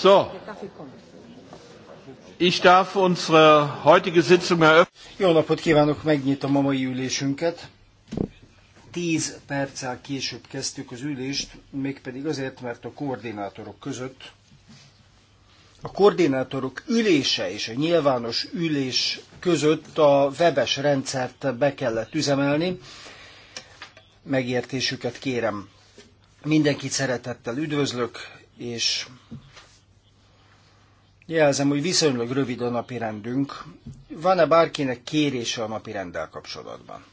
So, ich darf unsere heutige Sitzung eröffnen. Jó napot kívánok, megnyitom a mai ülésünket. Tíz perccel később kezdtük az ülést, mégpedig azért, mert a koordinátorok között a koordinátorok ülése és a nyilvános ülés között a webes rendszert be kellett üzemelni. Megértésüket kérem. Mindenkit szeretettel üdvözlök, és Jelzem, hogy viszonylag rövid a napi rendünk. Van-e bárkinek kérése a napi rendel kapcsolatban?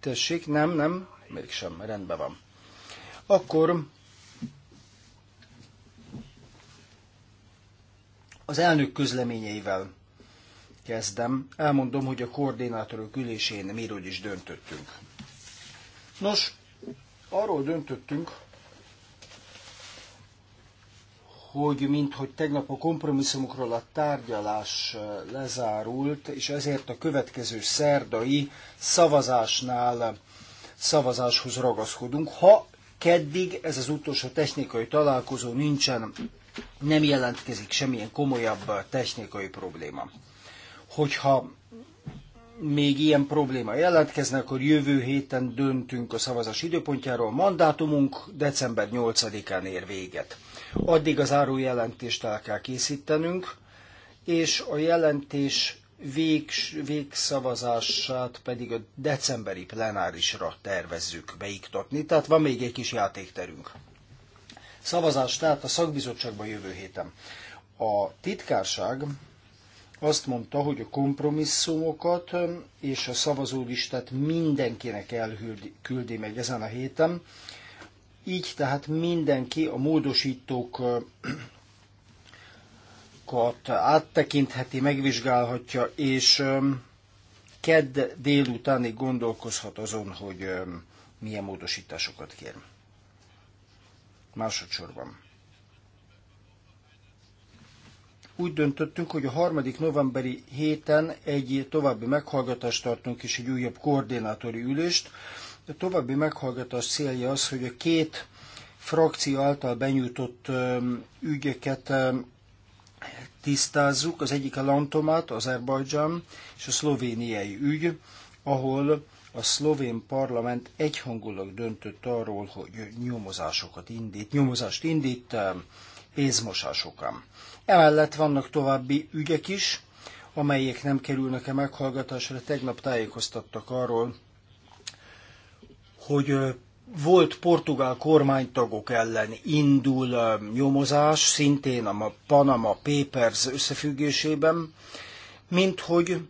Tessék, nem, nem, mégsem, rendben van. Akkor az elnök közleményeivel kezdem. Elmondom, hogy a koordinátorok ülésén miről is döntöttünk. Nos, arról döntöttünk, hogy minthogy tegnap a kompromisszumokról a tárgyalás lezárult, és ezért a következő szerdai szavazásnál szavazáshoz ragaszkodunk. Ha keddig ez az utolsó technikai találkozó nincsen, nem jelentkezik semmilyen komolyabb technikai probléma. Hogyha még ilyen probléma jelentkezne, akkor jövő héten döntünk a szavazás időpontjáról. Mandátumunk december 8-án ér véget addig az árujelentést el kell készítenünk, és a jelentés végs, végszavazását pedig a decemberi plenárisra tervezzük beiktatni, tehát van még egy kis játékterünk. Szavazás tehát a szakbizottságban jövő héten. A titkárság azt mondta, hogy a kompromisszumokat és a szavazólistát mindenkinek elküldi meg ezen a héten, így tehát mindenki a módosítókat áttekintheti, megvizsgálhatja, és kedd délutánig gondolkozhat azon, hogy milyen módosításokat kér. Másodszorban. Úgy döntöttünk, hogy a harmadik novemberi héten egy további meghallgatást tartunk és egy újabb koordinátori ülést, a további meghallgatás célja az, hogy a két frakció által benyújtott ügyeket tisztázzuk. Az egyik a Lantomát, Azerbajdzsán és a szlovéniai ügy, ahol a szlovén parlament egyhangulag döntött arról, hogy nyomozásokat indít, nyomozást indít pénzmosásokán. Emellett vannak további ügyek is, amelyek nem kerülnek-e meghallgatásra. Tegnap tájékoztattak arról, hogy volt portugál kormánytagok ellen indul nyomozás, szintén a Panama Papers összefüggésében, mint hogy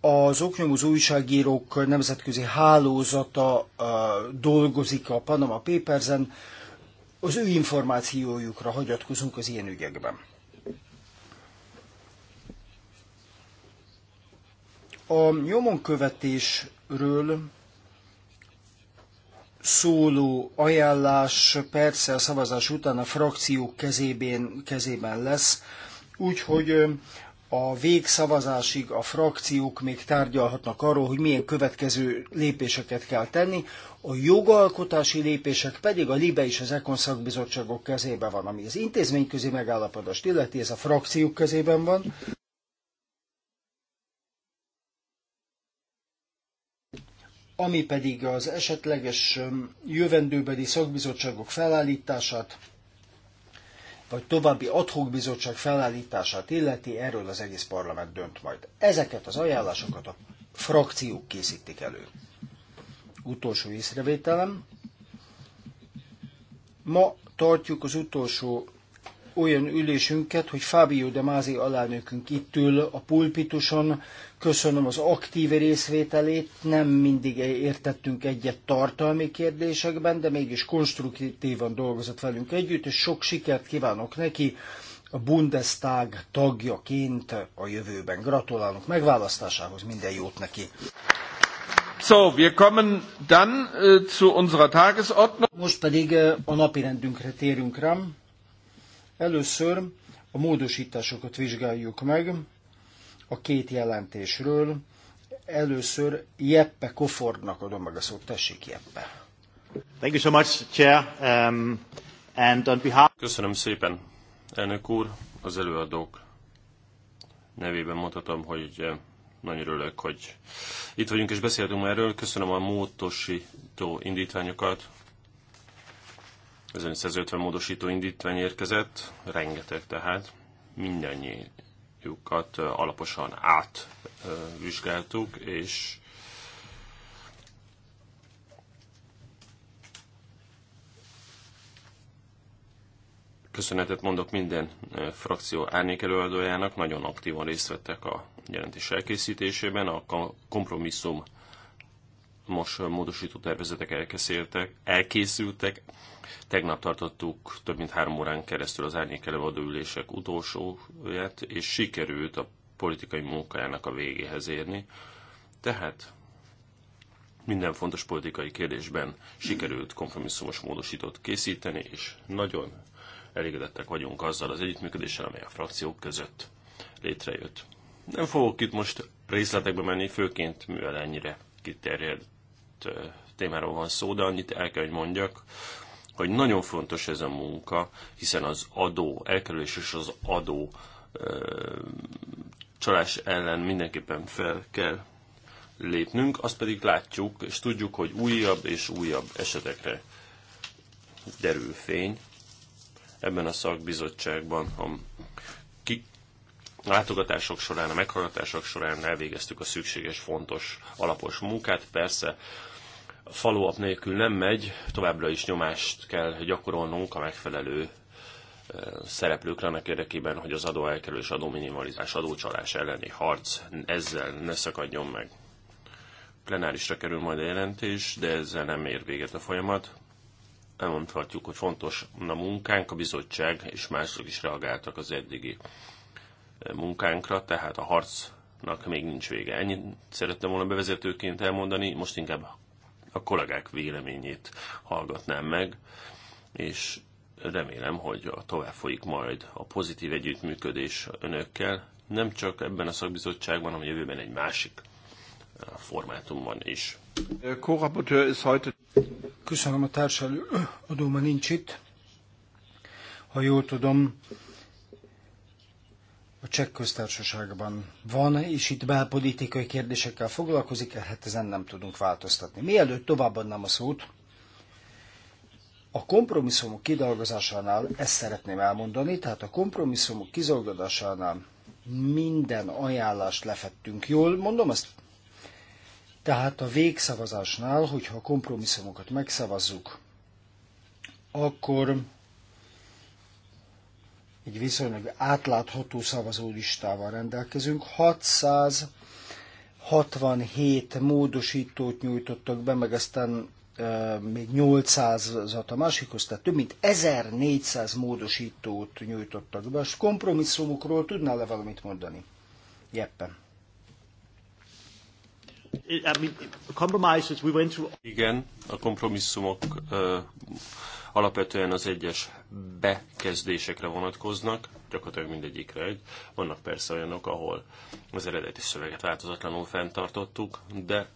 az oknyomozó újságírók nemzetközi hálózata dolgozik a Panama Papers-en, az ő információjukra hagyatkozunk az ilyen ügyekben. A nyomon követésről szóló ajánlás persze a szavazás után a frakciók kezében, kezében lesz, úgyhogy a végszavazásig a frakciók még tárgyalhatnak arról, hogy milyen következő lépéseket kell tenni, a jogalkotási lépések pedig a LIBE és az EKON szakbizottságok kezében van, ami az intézményközi megállapodást illeti, ez a frakciók kezében van. ami pedig az esetleges jövendőbeli szakbizottságok felállítását, vagy további adhok bizottság felállítását illeti, erről az egész parlament dönt majd. Ezeket az ajánlásokat a frakciók készítik elő. Utolsó észrevételem. Ma tartjuk az utolsó olyan ülésünket, hogy Fábio de Mázi alelnökünk itt ül a pulpituson, köszönöm az aktív részvételét, nem mindig értettünk egyet tartalmi kérdésekben, de mégis konstruktívan dolgozott velünk együtt, és sok sikert kívánok neki a Bundestag tagjaként a jövőben. Gratulálok megválasztásához, minden jót neki! So, wir kommen dann uh, zu unserer Tagesordnung. Most pedig uh, a napirendünkre térünk rám. Először a módosításokat vizsgáljuk meg a két jelentésről. Először Jeppe Kofordnak adom meg a szót. Tessék, Jeppe. Thank you so much, Chair. Um, and on behalf... Köszönöm szépen, elnök úr, az előadók nevében mondhatom, hogy eh, nagyon örülök, hogy itt vagyunk és beszéltünk erről. Köszönöm a módosító indítványokat. 1550 módosító indítvány érkezett, rengeteg tehát, mindannyi javaslatukat alaposan átvizsgáltuk, és köszönetet mondok minden frakció árnyékelőadójának, nagyon aktívan részt vettek a jelentés elkészítésében, a kompromisszum most módosító tervezetek elkészültek, elkészültek. Tegnap tartottuk több mint három órán keresztül az árnyékelőadó ülések utolsóját, és sikerült a politikai munkájának a végéhez érni. Tehát minden fontos politikai kérdésben sikerült kompromisszumos módosítót készíteni, és nagyon elégedettek vagyunk azzal az együttműködéssel, amely a frakciók között létrejött. Nem fogok itt most részletekbe menni, főként mivel ennyire kiterjedt témáról van szó, de annyit el kell, hogy mondjak, hogy nagyon fontos ez a munka, hiszen az adó elkerülés és az adó csalás ellen mindenképpen fel kell lépnünk, azt pedig látjuk és tudjuk, hogy újabb és újabb esetekre derül fény ebben a szakbizottságban, ha a látogatások során, a meghallgatások során elvégeztük a szükséges, fontos, alapos munkát. Persze a follow nélkül nem megy, továbbra is nyomást kell gyakorolnunk a megfelelő e, szereplőkre annak érdekében, hogy az adóelkerülés, adóminimalizás, adócsalás elleni harc ezzel ne szakadjon meg. Plenárisra kerül majd a jelentés, de ezzel nem ér véget a folyamat. Elmondhatjuk, hogy fontos a munkánk, a bizottság és mások is reagáltak az eddigi munkánkra, tehát a harcnak még nincs vége. Ennyit szerettem volna bevezetőként elmondani, most inkább a kollégák véleményét hallgatnám meg, és remélem, hogy tovább folyik majd a pozitív együttműködés önökkel, nem csak ebben a szakbizottságban, hanem jövőben egy másik eh, formátumban is. Köszönöm, a társadalmi adóma nincs itt. Ha jól tudom, a cseh köztársaságban van, és itt belpolitikai kérdésekkel foglalkozik, hát ezen nem tudunk változtatni. Mielőtt továbbadnám a szót, a kompromisszumok kidolgozásánál ezt szeretném elmondani, tehát a kompromisszumok kidolgozásánál minden ajánlást lefettünk jól, mondom ezt. Tehát a végszavazásnál, hogyha a kompromisszumokat megszavazzuk, akkor egy viszonylag átlátható szavazólistával rendelkezünk. 667 módosítót nyújtottak be, meg aztán e, még 800-at a másikhoz, tehát több mint 1400 módosítót nyújtottak be. És kompromisszumokról tudnál le valamit mondani? Jeppen. Igen, a kompromisszumok uh, alapvetően az egyes bekezdésekre vonatkoznak, gyakorlatilag mindegyikre egy. Vannak persze olyanok, ahol az eredeti szöveget változatlanul fenntartottuk, de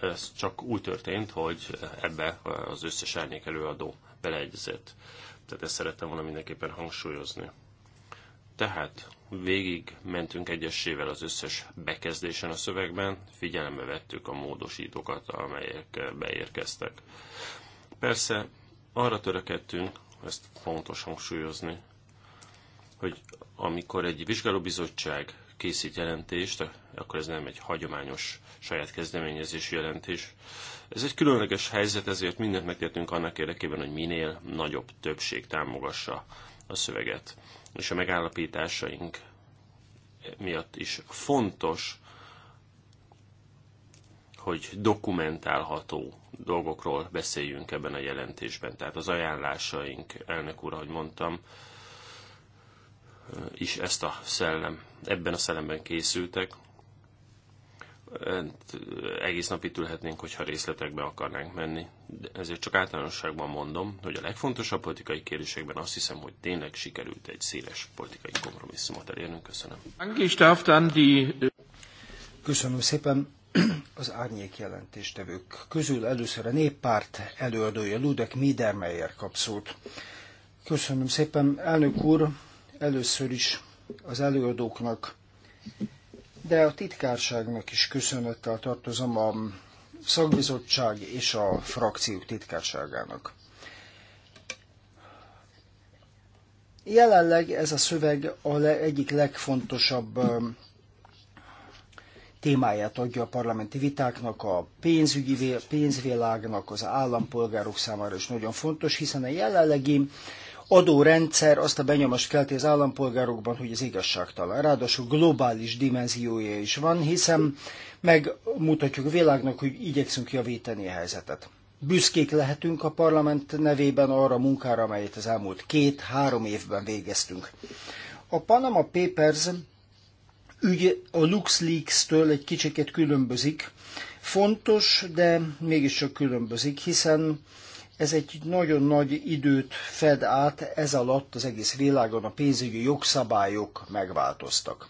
ez csak úgy történt, hogy ebbe az összes árnyék előadó beleegyezett. Tehát ezt szerettem volna mindenképpen hangsúlyozni. Tehát végig mentünk egyesével az összes bekezdésen a szövegben, figyelembe vettük a módosítókat, amelyek beérkeztek. Persze arra törekedtünk, ezt fontos hangsúlyozni, hogy amikor egy vizsgálóbizottság készít jelentést, akkor ez nem egy hagyományos saját kezdeményezési jelentés. Ez egy különleges helyzet, ezért mindent megtettünk annak érdekében, hogy minél nagyobb többség támogassa a szöveget. És a megállapításaink miatt is fontos, hogy dokumentálható dolgokról beszéljünk ebben a jelentésben. Tehát az ajánlásaink, elnök úr, ahogy mondtam, is ezt a szellem, ebben a szellemben készültek. Egész nap itt ülhetnénk, hogyha részletekbe akarnánk menni. De ezért csak általánosságban mondom, hogy a legfontosabb politikai kérdésekben azt hiszem, hogy tényleg sikerült egy széles politikai kompromisszumot elérnünk. Köszönöm. Köszönöm szépen az árnyék jelentéstevők közül először a néppárt előadója Ludek Miedermeyer kap szót. Köszönöm szépen, elnök úr, először is az előadóknak, de a titkárságnak is köszönettel tartozom a szakbizottság és a frakció titkárságának. Jelenleg ez a szöveg a le, egyik legfontosabb témáját adja a parlamenti vitáknak, a pénzügyi, pénzvilágnak, az állampolgárok számára is nagyon fontos, hiszen a jelenlegi adórendszer azt a benyomást kelti az állampolgárokban, hogy az igazságtalan. Ráadásul globális dimenziója is van, hiszen megmutatjuk a világnak, hogy igyekszünk javítani a helyzetet. Büszkék lehetünk a parlament nevében arra a munkára, amelyet az elmúlt két-három évben végeztünk. A Panama Papers ügy a LuxLeaks-től egy kicsiket különbözik. Fontos, de mégiscsak különbözik, hiszen ez egy nagyon nagy időt fed át, ez alatt az egész világon a pénzügyi jogszabályok megváltoztak.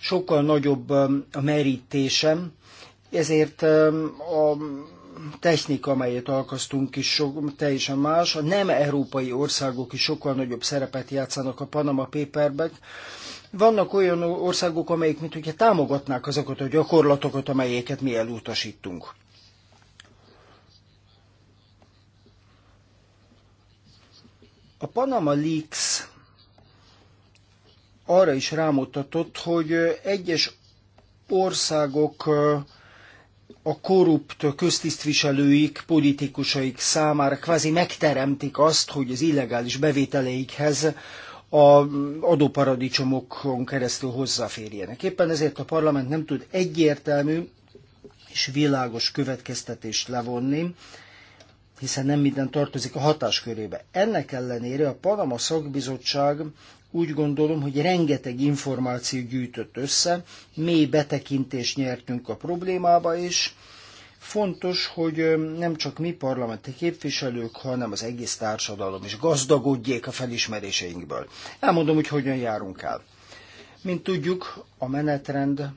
Sokkal nagyobb um, a merítésem, ezért um, a technika, amelyet alkoztunk is sok, teljesen más. A nem európai országok is sokkal nagyobb szerepet játszanak a Panama Paperback, vannak olyan országok, amelyek, mint hogyha támogatnák azokat a gyakorlatokat, amelyeket mi elutasítunk. A Panama Leaks arra is rámutatott, hogy egyes országok a korrupt köztisztviselőik, politikusaik számára kvázi megteremtik azt, hogy az illegális bevételeikhez a adóparadicsomokon keresztül hozzáférjenek. Éppen ezért a parlament nem tud egyértelmű és világos következtetést levonni, hiszen nem minden tartozik a hatáskörébe. Ennek ellenére a Panama szakbizottság úgy gondolom, hogy rengeteg információ gyűjtött össze, mély betekintést nyertünk a problémába, is. Fontos, hogy nem csak mi parlamenti képviselők, hanem az egész társadalom is gazdagodjék a felismeréseinkből. Elmondom, hogy hogyan járunk el. Mint tudjuk, a menetrend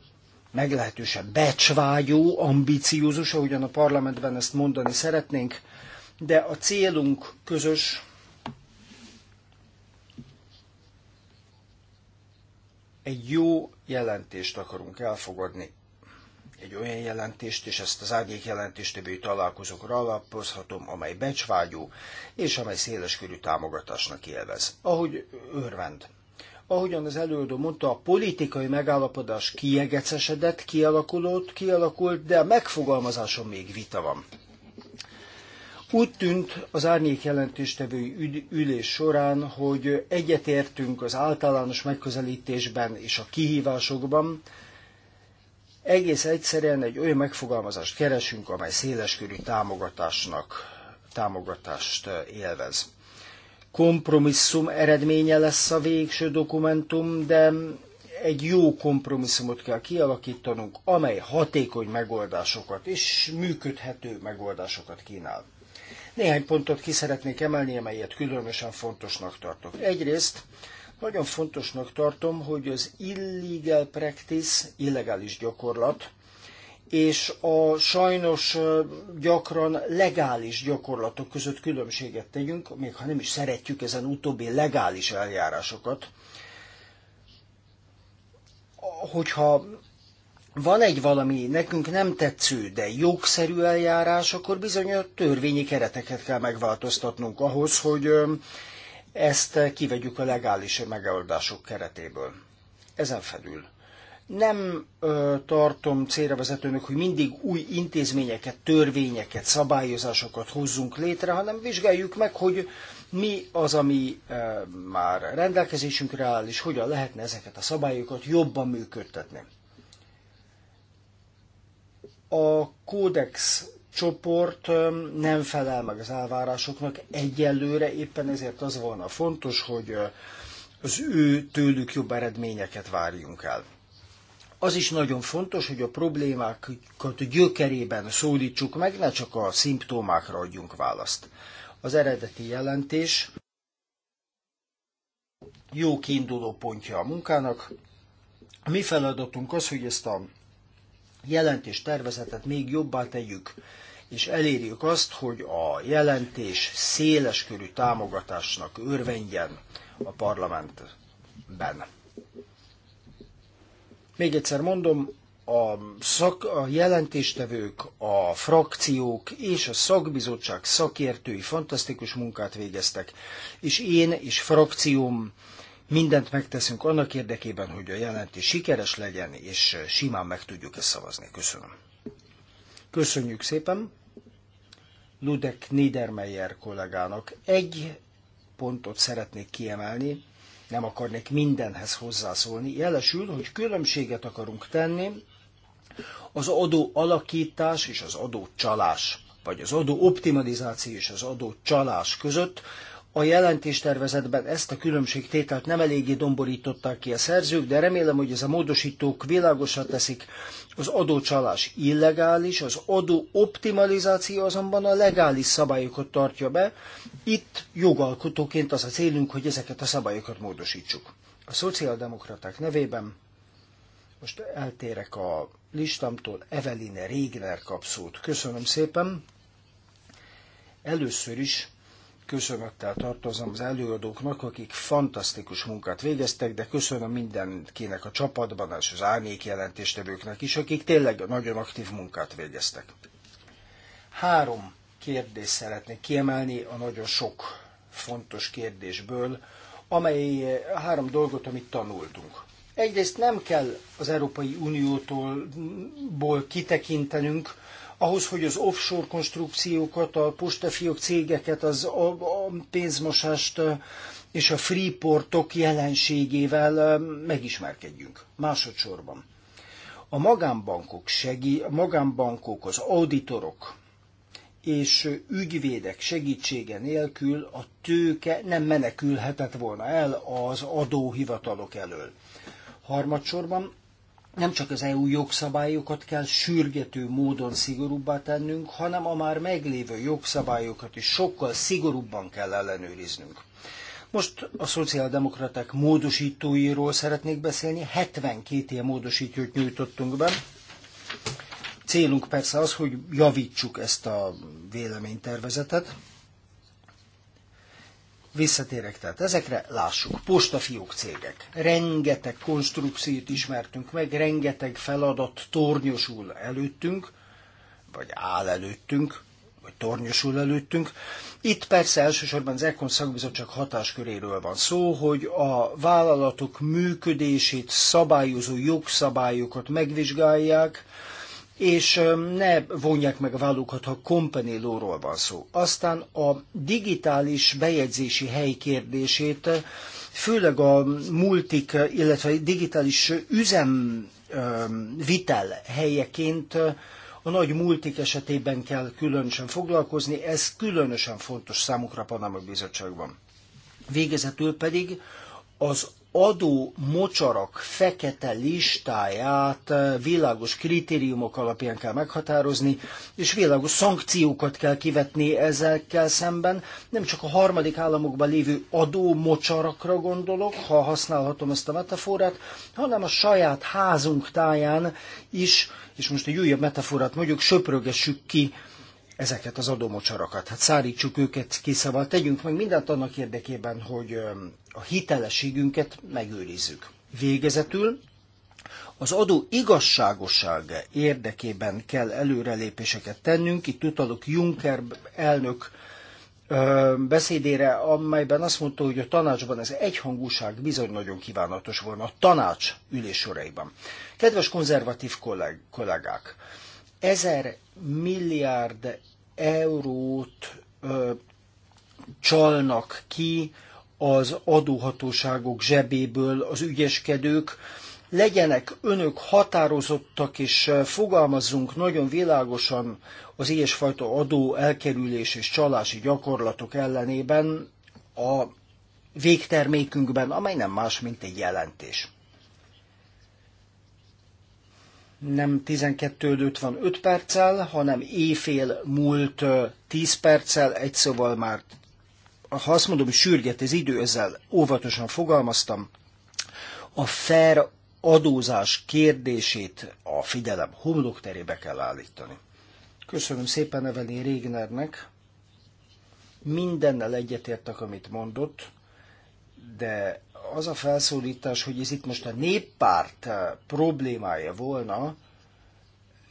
meglehetősen becsvágyó, ambiciózus, ahogyan a parlamentben ezt mondani szeretnénk, de a célunk közös, egy jó jelentést akarunk elfogadni egy olyan jelentést, és ezt az árnyék jelentéstevői találkozókra alapozhatom, amely becsvágyó, és amely széleskörű támogatásnak élvez. Ahogy örvend. Ahogyan az előadó mondta, a politikai megállapodás kiegecesedett, kialakulott, kialakult, de a megfogalmazáson még vita van. Úgy tűnt az árnyék jelentéstevői ülés során, hogy egyetértünk az általános megközelítésben és a kihívásokban, egész egyszerűen egy olyan megfogalmazást keresünk, amely széleskörű támogatásnak támogatást eh, élvez. Kompromisszum eredménye lesz a végső dokumentum, de egy jó kompromisszumot kell kialakítanunk, amely hatékony megoldásokat és működhető megoldásokat kínál. Néhány pontot ki szeretnék emelni, amelyet különösen fontosnak tartok. Egyrészt nagyon fontosnak tartom, hogy az illegal practice, illegális gyakorlat, és a sajnos gyakran legális gyakorlatok között különbséget tegyünk, még ha nem is szeretjük ezen utóbbi legális eljárásokat. Hogyha van egy valami nekünk nem tetsző, de jogszerű eljárás, akkor bizony a törvényi kereteket kell megváltoztatnunk ahhoz, hogy ezt kivegyük a legális megoldások keretéből. Ezen felül nem ö, tartom célra vezetőnek, hogy mindig új intézményeket, törvényeket, szabályozásokat hozzunk létre, hanem vizsgáljuk meg, hogy mi az, ami ö, már rendelkezésünkre áll, és hogyan lehetne ezeket a szabályokat jobban működtetni. A kódex csoport nem felel meg az elvárásoknak egyelőre, éppen ezért az volna fontos, hogy az ő tőlük jobb eredményeket várjunk el. Az is nagyon fontos, hogy a problémákat gyökerében szólítsuk meg, ne csak a szimptomákra adjunk választ. Az eredeti jelentés jó kiinduló pontja a munkának. A mi feladatunk az, hogy ezt a jelentés tervezetet még jobbá tegyük, és elérjük azt, hogy a jelentés széleskörű támogatásnak örvendjen a parlamentben. Még egyszer mondom, a, szak, a jelentéstevők, a frakciók és a szakbizottság szakértői fantasztikus munkát végeztek, és én és frakcióm Mindent megteszünk annak érdekében, hogy a jelentés sikeres legyen, és eh, simán meg tudjuk ezt szavazni. Köszönöm. Köszönjük szépen Ludek Niedermeyer kollégának. Egy pontot szeretnék kiemelni, nem akarnék mindenhez hozzászólni. Jelesül, hogy különbséget akarunk tenni az adó alakítás és az adó csalás, vagy az adó optimalizáció és az adó csalás között. A jelentéstervezetben ezt a különbségtételt nem eléggé domborították ki a szerzők, de remélem, hogy ez a módosítók világosra teszik. Az adócsalás illegális, az adó optimalizáció azonban a legális szabályokat tartja be. Itt jogalkotóként az a célunk, hogy ezeket a szabályokat módosítsuk. A szociáldemokraták nevében most eltérek a listámtól, Eveline Régner kap szót. Köszönöm szépen. Először is köszönettel tartozom az előadóknak, akik fantasztikus munkát végeztek, de köszönöm mindenkinek a csapatban és az árnyék jelentéstevőknek is, akik tényleg nagyon aktív munkát végeztek. Három kérdést szeretnék kiemelni a nagyon sok fontos kérdésből, amely eh, három dolgot, amit tanultunk. Egyrészt nem kell az Európai Uniótól ból kitekintenünk, ahhoz, hogy az offshore konstrukciókat, a postafiók cégeket, az a, a pénzmosást és a freeportok jelenségével megismerkedjünk. Másodszorban. A magánbankok, segí- a magánbankok, az auditorok és ügyvédek segítsége nélkül a tőke nem menekülhetett volna el az adóhivatalok elől. Harmadsorban nem csak az EU jogszabályokat kell sürgető módon szigorúbbá tennünk, hanem a már meglévő jogszabályokat is sokkal szigorúbban kell ellenőriznünk. Most a szociáldemokraták módosítóiról szeretnék beszélni. 72 ilyen módosítót nyújtottunk be. Célunk persze az, hogy javítsuk ezt a véleménytervezetet. Visszatérek tehát ezekre, lássuk, postafiók cégek. Rengeteg konstrukciót ismertünk meg, rengeteg feladat tornyosul előttünk, vagy áll előttünk, vagy tornyosul előttünk. Itt persze elsősorban az Ekon szakbizottság hatásköréről van szó, hogy a vállalatok működését szabályozó jogszabályokat megvizsgálják, és ne vonják meg a vállukat, ha company lóról van szó. Aztán a digitális bejegyzési hely kérdését, főleg a multik, illetve a digitális üzemvitel helyeként a nagy multik esetében kell különösen foglalkozni, ez különösen fontos számukra a Panama Bizottságban. Végezetül pedig az adó mocsarak fekete listáját eh, világos kritériumok alapján kell meghatározni, és világos szankciókat kell kivetni ezekkel szemben. Nem csak a harmadik államokban lévő adó mocsarakra gondolok, ha használhatom ezt a metaforát, hanem a saját házunk táján is, és most egy újabb metaforát mondjuk, söprögessük ki ezeket az adómocsarakat. Hát szárítsuk őket ki, szóval tegyünk meg mindent annak érdekében, hogy a hitelességünket megőrizzük. Végezetül az adó igazságossága érdekében kell előrelépéseket tennünk. Itt utalok Juncker elnök beszédére, amelyben azt mondta, hogy a tanácsban ez egyhangúság bizony nagyon kívánatos volna a tanács üléssoraiban. Kedves konzervatív kollégák, ezer milliárd eurót ö, csalnak ki az adóhatóságok zsebéből az ügyeskedők. Legyenek önök határozottak, és fogalmazzunk nagyon világosan az ilyesfajta adó elkerülés és csalási gyakorlatok ellenében a végtermékünkben, amely nem más, mint egy jelentés nem 12.55 perccel, hanem éjfél múlt 10 perccel, egy szóval már, ha azt mondom, hogy sürget az idő, ezzel óvatosan fogalmaztam, a fair adózás kérdését a figyelem homlokterébe kell állítani. Köszönöm szépen Evelyn Régnernek, mindennel egyetértek, amit mondott, de az a felszólítás, hogy ez itt most a néppárt eh, problémája volna,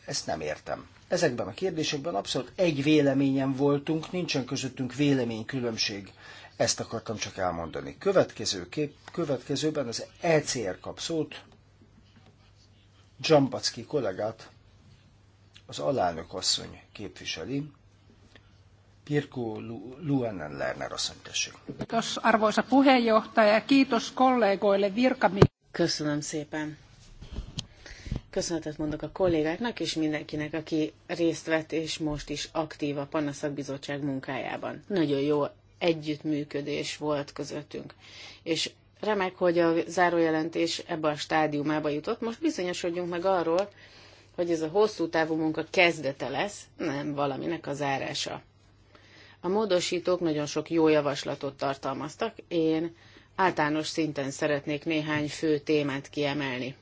ezt nem értem. Ezekben a kérdésekben abszolút egy véleményen voltunk, nincsen közöttünk véleménykülönbség. Ezt akartam csak elmondani. Következő kép, következőben az ECR kap szót, Dzsambacki kollégát, az alelnök asszony képviseli. Kirkó Luenen Lerner asszony, tessék. Kiitos arvoisa puheenjohtaja, kiitos kollégoille virkami. Köszönöm szépen. Köszönetet mondok a kollégáknak és mindenkinek, aki részt vett és most is aktív a Panaszakbizottság munkájában. Nagyon jó együttműködés volt közöttünk. És remek, hogy a zárójelentés ebbe a stádiumába jutott. Most bizonyosodjunk meg arról, hogy ez a hosszú távú munka kezdete lesz, nem valaminek a zárása. A módosítók nagyon sok jó javaslatot tartalmaztak, én általános szinten szeretnék néhány fő témát kiemelni.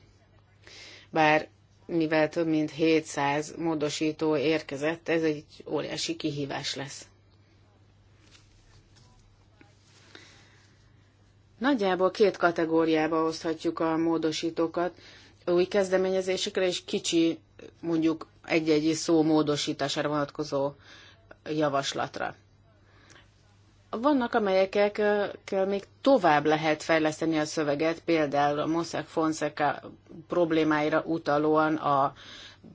Bár mivel több mint 700 módosító érkezett, ez egy óriási kihívás lesz. Nagyjából két kategóriába oszthatjuk a módosítókat, új kezdeményezésekre és kicsi, mondjuk egy-egy szó módosítására vonatkozó javaslatra. Vannak, amelyekkel még tovább lehet fejleszteni a szöveget, például a Mossack Fonseca problémáira utalóan, a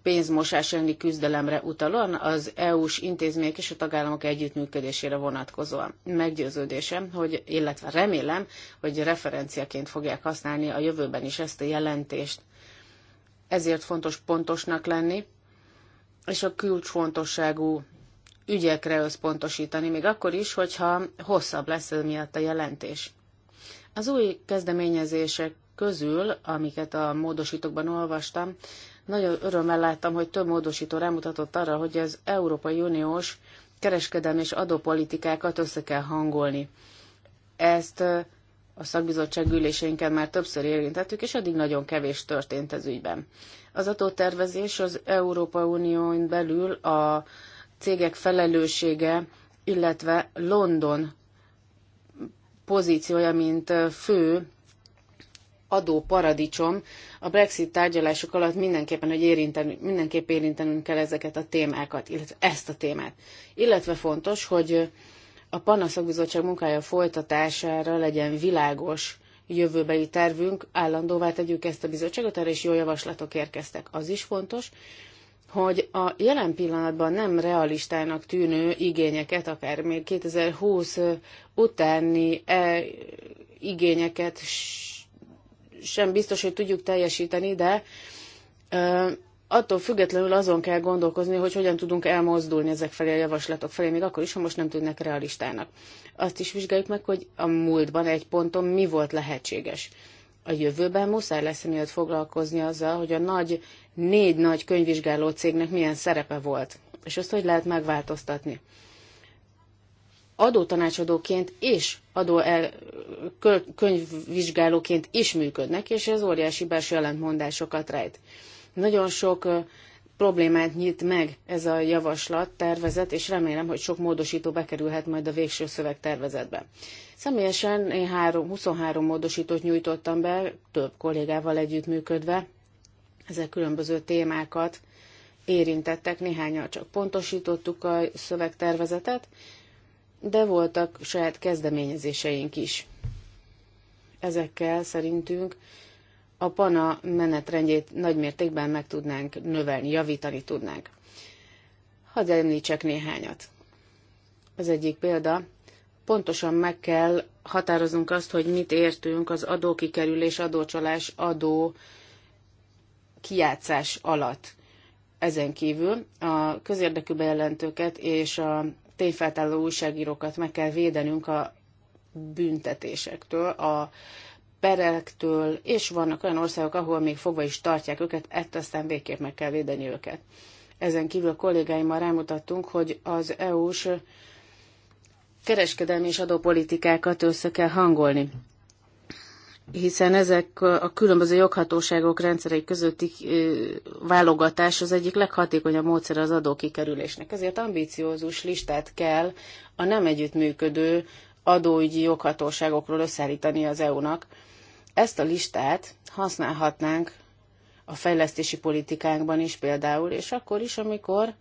pénzmosás elleni küzdelemre utalóan, az EU-s intézmények és a tagállamok együttműködésére vonatkozóan. Meggyőződésem, hogy, illetve remélem, hogy referenciaként fogják használni a jövőben is ezt a jelentést. Ezért fontos pontosnak lenni, és a kulcsfontosságú ügyekre összpontosítani, még akkor is, hogyha hosszabb lesz ez miatt a jelentés. Az új kezdeményezések közül, amiket a módosítókban olvastam, nagyon örömmel láttam, hogy több módosító rámutatott arra, hogy az Európai Uniós kereskedelmi és adópolitikákat össze kell hangolni. Ezt a szakbizottság üléseinken már többször érintettük, és addig nagyon kevés történt ez ügyben. Az adótervezés az Európa Unión belül a cégek felelőssége, illetve London pozíciója, mint fő adó paradicsom. A Brexit tárgyalások alatt mindenképpen, hogy érinten mindenképp érintenünk kell ezeket a témákat, illetve ezt a témát. Illetve fontos, hogy a Panaszakbizottság munkája folytatására legyen világos jövőbeli tervünk, állandóvá tegyük ezt a bizottságot, erre is jó javaslatok érkeztek. Az is fontos, hogy a jelen pillanatban nem realistának tűnő igényeket, akár még 2020 utáni e igényeket sem biztos, hogy tudjuk teljesíteni, de attól függetlenül azon kell gondolkozni, hogy hogyan tudunk elmozdulni ezek felé a javaslatok felé, még akkor is, ha most nem tűnnek realistának. Azt is vizsgáljuk meg, hogy a múltban egy ponton mi volt lehetséges a jövőben muszáj lesz miatt foglalkozni azzal, hogy a nagy, négy nagy könyvvizsgáló cégnek milyen szerepe volt, és azt hogy lehet megváltoztatni. Adótanácsadóként és adó el, könyvvizsgálóként is működnek, és ez óriási belső ellentmondásokat rejt. Nagyon sok problémát nyit meg ez a javaslat, tervezet, és remélem, hogy sok módosító bekerülhet majd a végső szövegtervezetbe. Személyesen én három, 23 módosítót nyújtottam be, több kollégával együttműködve. Ezek különböző témákat érintettek, néhányan csak pontosítottuk a szövegtervezetet, de voltak saját kezdeményezéseink is. Ezekkel szerintünk a PANA menetrendjét nagymértékben meg tudnánk növelni, javítani tudnánk. Hadd említsek néhányat. Az egyik példa, pontosan meg kell határoznunk azt, hogy mit értünk az adókikerülés, adócsalás, adó kiátszás alatt. Ezen kívül a közérdekű bejelentőket és a tényfeltálló újságírókat meg kell védenünk a büntetésektől, a perektől, és vannak olyan országok, ahol még fogva is tartják őket, ettől aztán végképp meg kell védeni őket. Ezen kívül a kollégáimmal rámutattunk, hogy az EU-s kereskedelmi és adópolitikákat össze kell hangolni hiszen ezek a különböző joghatóságok rendszerei közötti válogatás az egyik leghatékonyabb módszer az adókikerülésnek. Ezért ambíciózus listát kell a nem együttműködő adóügyi joghatóságokról összeállítani az EU-nak, ezt a listát használhatnánk a fejlesztési politikánkban is például, és akkor is, amikor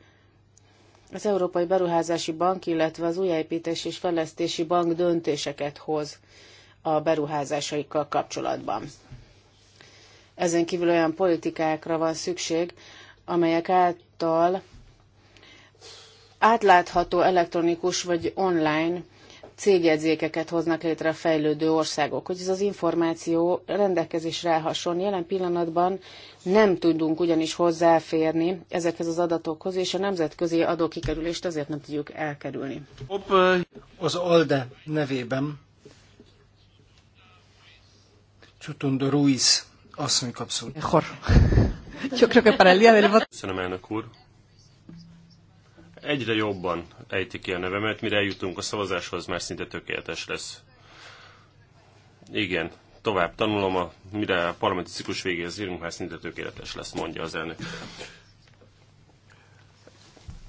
az Európai Beruházási Bank, illetve az Újjáépítés és Fejlesztési Bank döntéseket hoz a beruházásaikkal kapcsolatban. Ezen kívül olyan politikákra van szükség, amelyek által átlátható elektronikus vagy online cégjegyzékeket hoznak létre a fejlődő országok, hogy ez az információ rendelkezésre állhasson. Jelen pillanatban nem tudunk ugyanis hozzáférni ezekhez az adatokhoz, és a nemzetközi adókikerülést azért nem tudjuk elkerülni. Az ALDE nevében Csutondo Ruiz asszony kapszul. Köszönöm, elnök úr egyre jobban ejti ki a nevemet, mire eljutunk a szavazáshoz, már szinte tökéletes lesz. Igen, tovább tanulom, a, mire a parlamenti ciklus végéhez írunk, már szinte tökéletes lesz, mondja az elnök.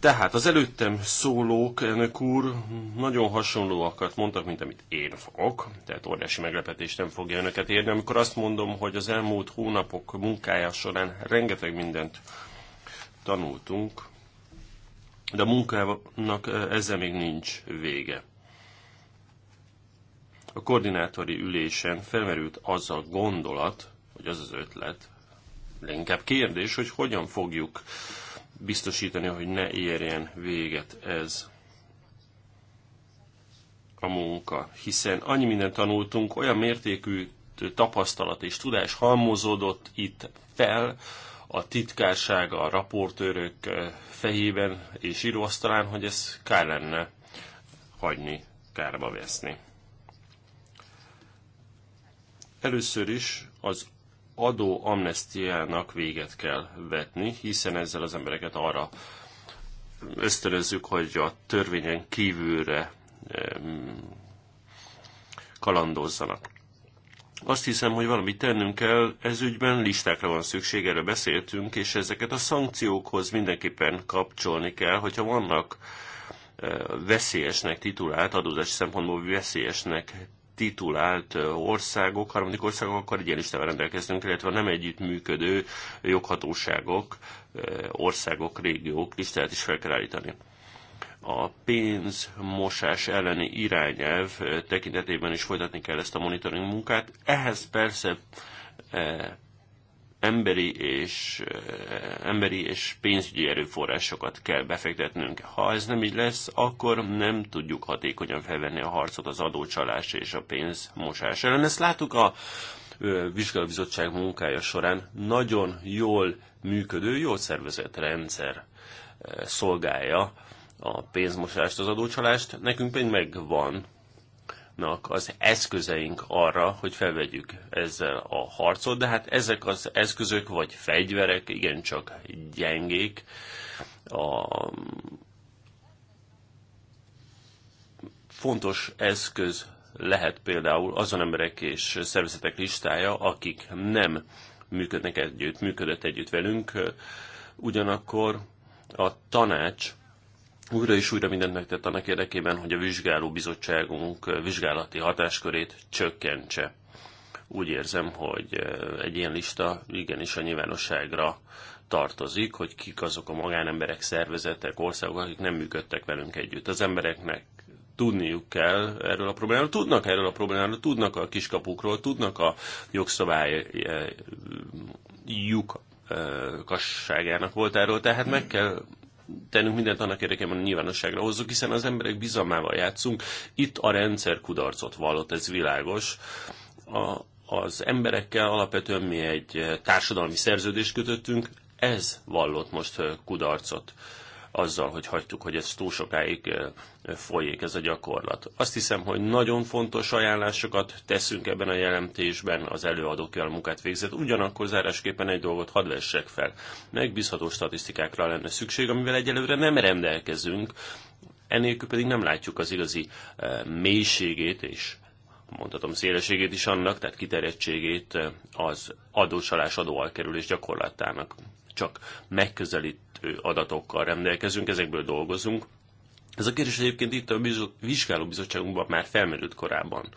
Tehát az előttem szólók, elnök úr, nagyon hasonlóakat mondtak, mint amit én fogok, tehát óriási meglepetés nem fogja önöket érni, amikor azt mondom, hogy az elmúlt hónapok munkája során rengeteg mindent tanultunk, de a munkának ezzel még nincs vége. A koordinátori ülésen felmerült az a gondolat, hogy az az ötlet, de inkább kérdés, hogy hogyan fogjuk biztosítani, hogy ne érjen véget ez a munka. Hiszen annyi mindent tanultunk, olyan mértékű tapasztalat és tudás halmozódott itt fel, a titkárság, a raportőrök eh, fejében és íróasztalán, hogy ez kár lenne hagyni, kárba veszni. Először is az adó amnestiának véget kell vetni, hiszen ezzel az embereket arra ösztönözzük, hogy a törvényen kívülre kalandozzanak. Azt hiszem, hogy valamit tennünk kell, ez ügyben listákra van szükség, erre beszéltünk, és ezeket a szankciókhoz mindenképpen kapcsolni kell, hogyha vannak veszélyesnek titulált, adózási szempontból veszélyesnek titulált országok, harmadik országok, akkor ilyen listával rendelkezünk, illetve nem együttműködő joghatóságok, országok, régiók listáját is fel kell állítani a pénzmosás elleni irányelv tekintetében is folytatni kell ezt a monitoring munkát. Ehhez persze eh, emberi és, eh, emberi és pénzügyi erőforrásokat kell befektetnünk. Ha ez nem így lesz, akkor nem tudjuk hatékonyan felvenni a harcot az adócsalás és a pénzmosás ellen. Ezt láttuk a vizsgálóbizottság munkája során nagyon jól működő, jól szervezett rendszer szolgálja a pénzmosást, az adócsalást, nekünk pedig megvan az eszközeink arra, hogy felvegyük ezzel a harcot, de hát ezek az eszközök vagy fegyverek igencsak gyengék. A fontos eszköz lehet például azon emberek és szervezetek listája, akik nem működnek együtt, működött együtt velünk, ugyanakkor a tanács újra és újra mindent megtett annak érdekében, hogy a vizsgáló bizottságunk vizsgálati hatáskörét csökkentse. Úgy érzem, hogy eh, egy ilyen lista igenis a nyilvánosságra tartozik, hogy kik azok a magánemberek, szervezetek, országok, akik nem működtek velünk együtt. Az embereknek tudniuk kell erről a problémáról, tudnak erről a problémáról, tudnak a kiskapukról, tudnak a jogszabályjuk eh, kasságának volt erről, tehát meg kell tennünk mindent annak érdekében, hogy nyilvánosságra hozzuk, hiszen az emberek bizalmával játszunk. Itt a rendszer kudarcot vallott, ez világos. A, az emberekkel alapvetően mi egy eh, társadalmi szerződést kötöttünk, ez vallott most eh, kudarcot azzal, hogy hagytuk, hogy ez túl sokáig folyik ez a gyakorlat. Azt hiszem, hogy nagyon fontos ajánlásokat teszünk ebben a jelentésben, az előadók a munkát végzett. Ugyanakkor zárásképpen egy dolgot hadd vessek fel. Megbízható statisztikákra lenne szükség, amivel egyelőre nem rendelkezünk, enélkül pedig nem látjuk az igazi mélységét és mondhatom szélességét is annak, tehát kiterjedtségét az adócsalás adóalkerülés gyakorlatának csak megközelítő adatokkal rendelkezünk, ezekből dolgozunk. Ez a kérdés egyébként itt a vizsgálóbizottságunkban már felmerült korábban.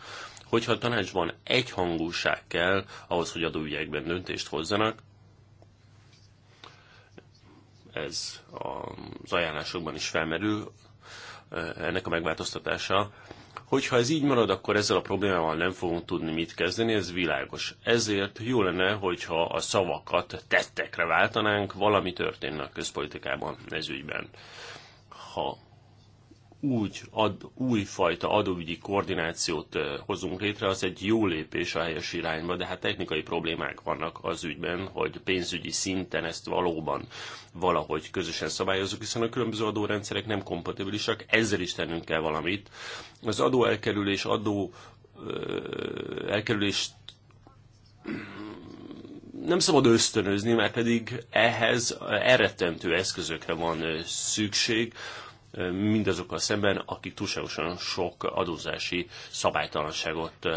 Hogyha a tanácsban hangúság kell ahhoz, hogy adóügyekben döntést hozzanak, ez az ajánlásokban is felmerül, ennek a megváltoztatása Hogyha ez így marad, akkor ezzel a problémával nem fogunk tudni mit kezdeni, ez világos. Ezért jó lenne, hogyha a szavakat tettekre váltanánk, valami történne a közpolitikában ez ügyben. Ha úgy ad, újfajta adóügyi koordinációt hozunk létre, az egy jó lépés a helyes irányba, de hát technikai problémák vannak az ügyben, hogy pénzügyi szinten ezt valóban valahogy közösen szabályozzuk, hiszen a különböző adórendszerek nem kompatibilisak, ezzel is tennünk kell valamit. Az adó elkerülés, adó elkerülés nem szabad ösztönözni, mert pedig ehhez elrettentő eszközökre van szükség, mindazokkal szemben, akik túlságosan sok adózási szabálytalanságot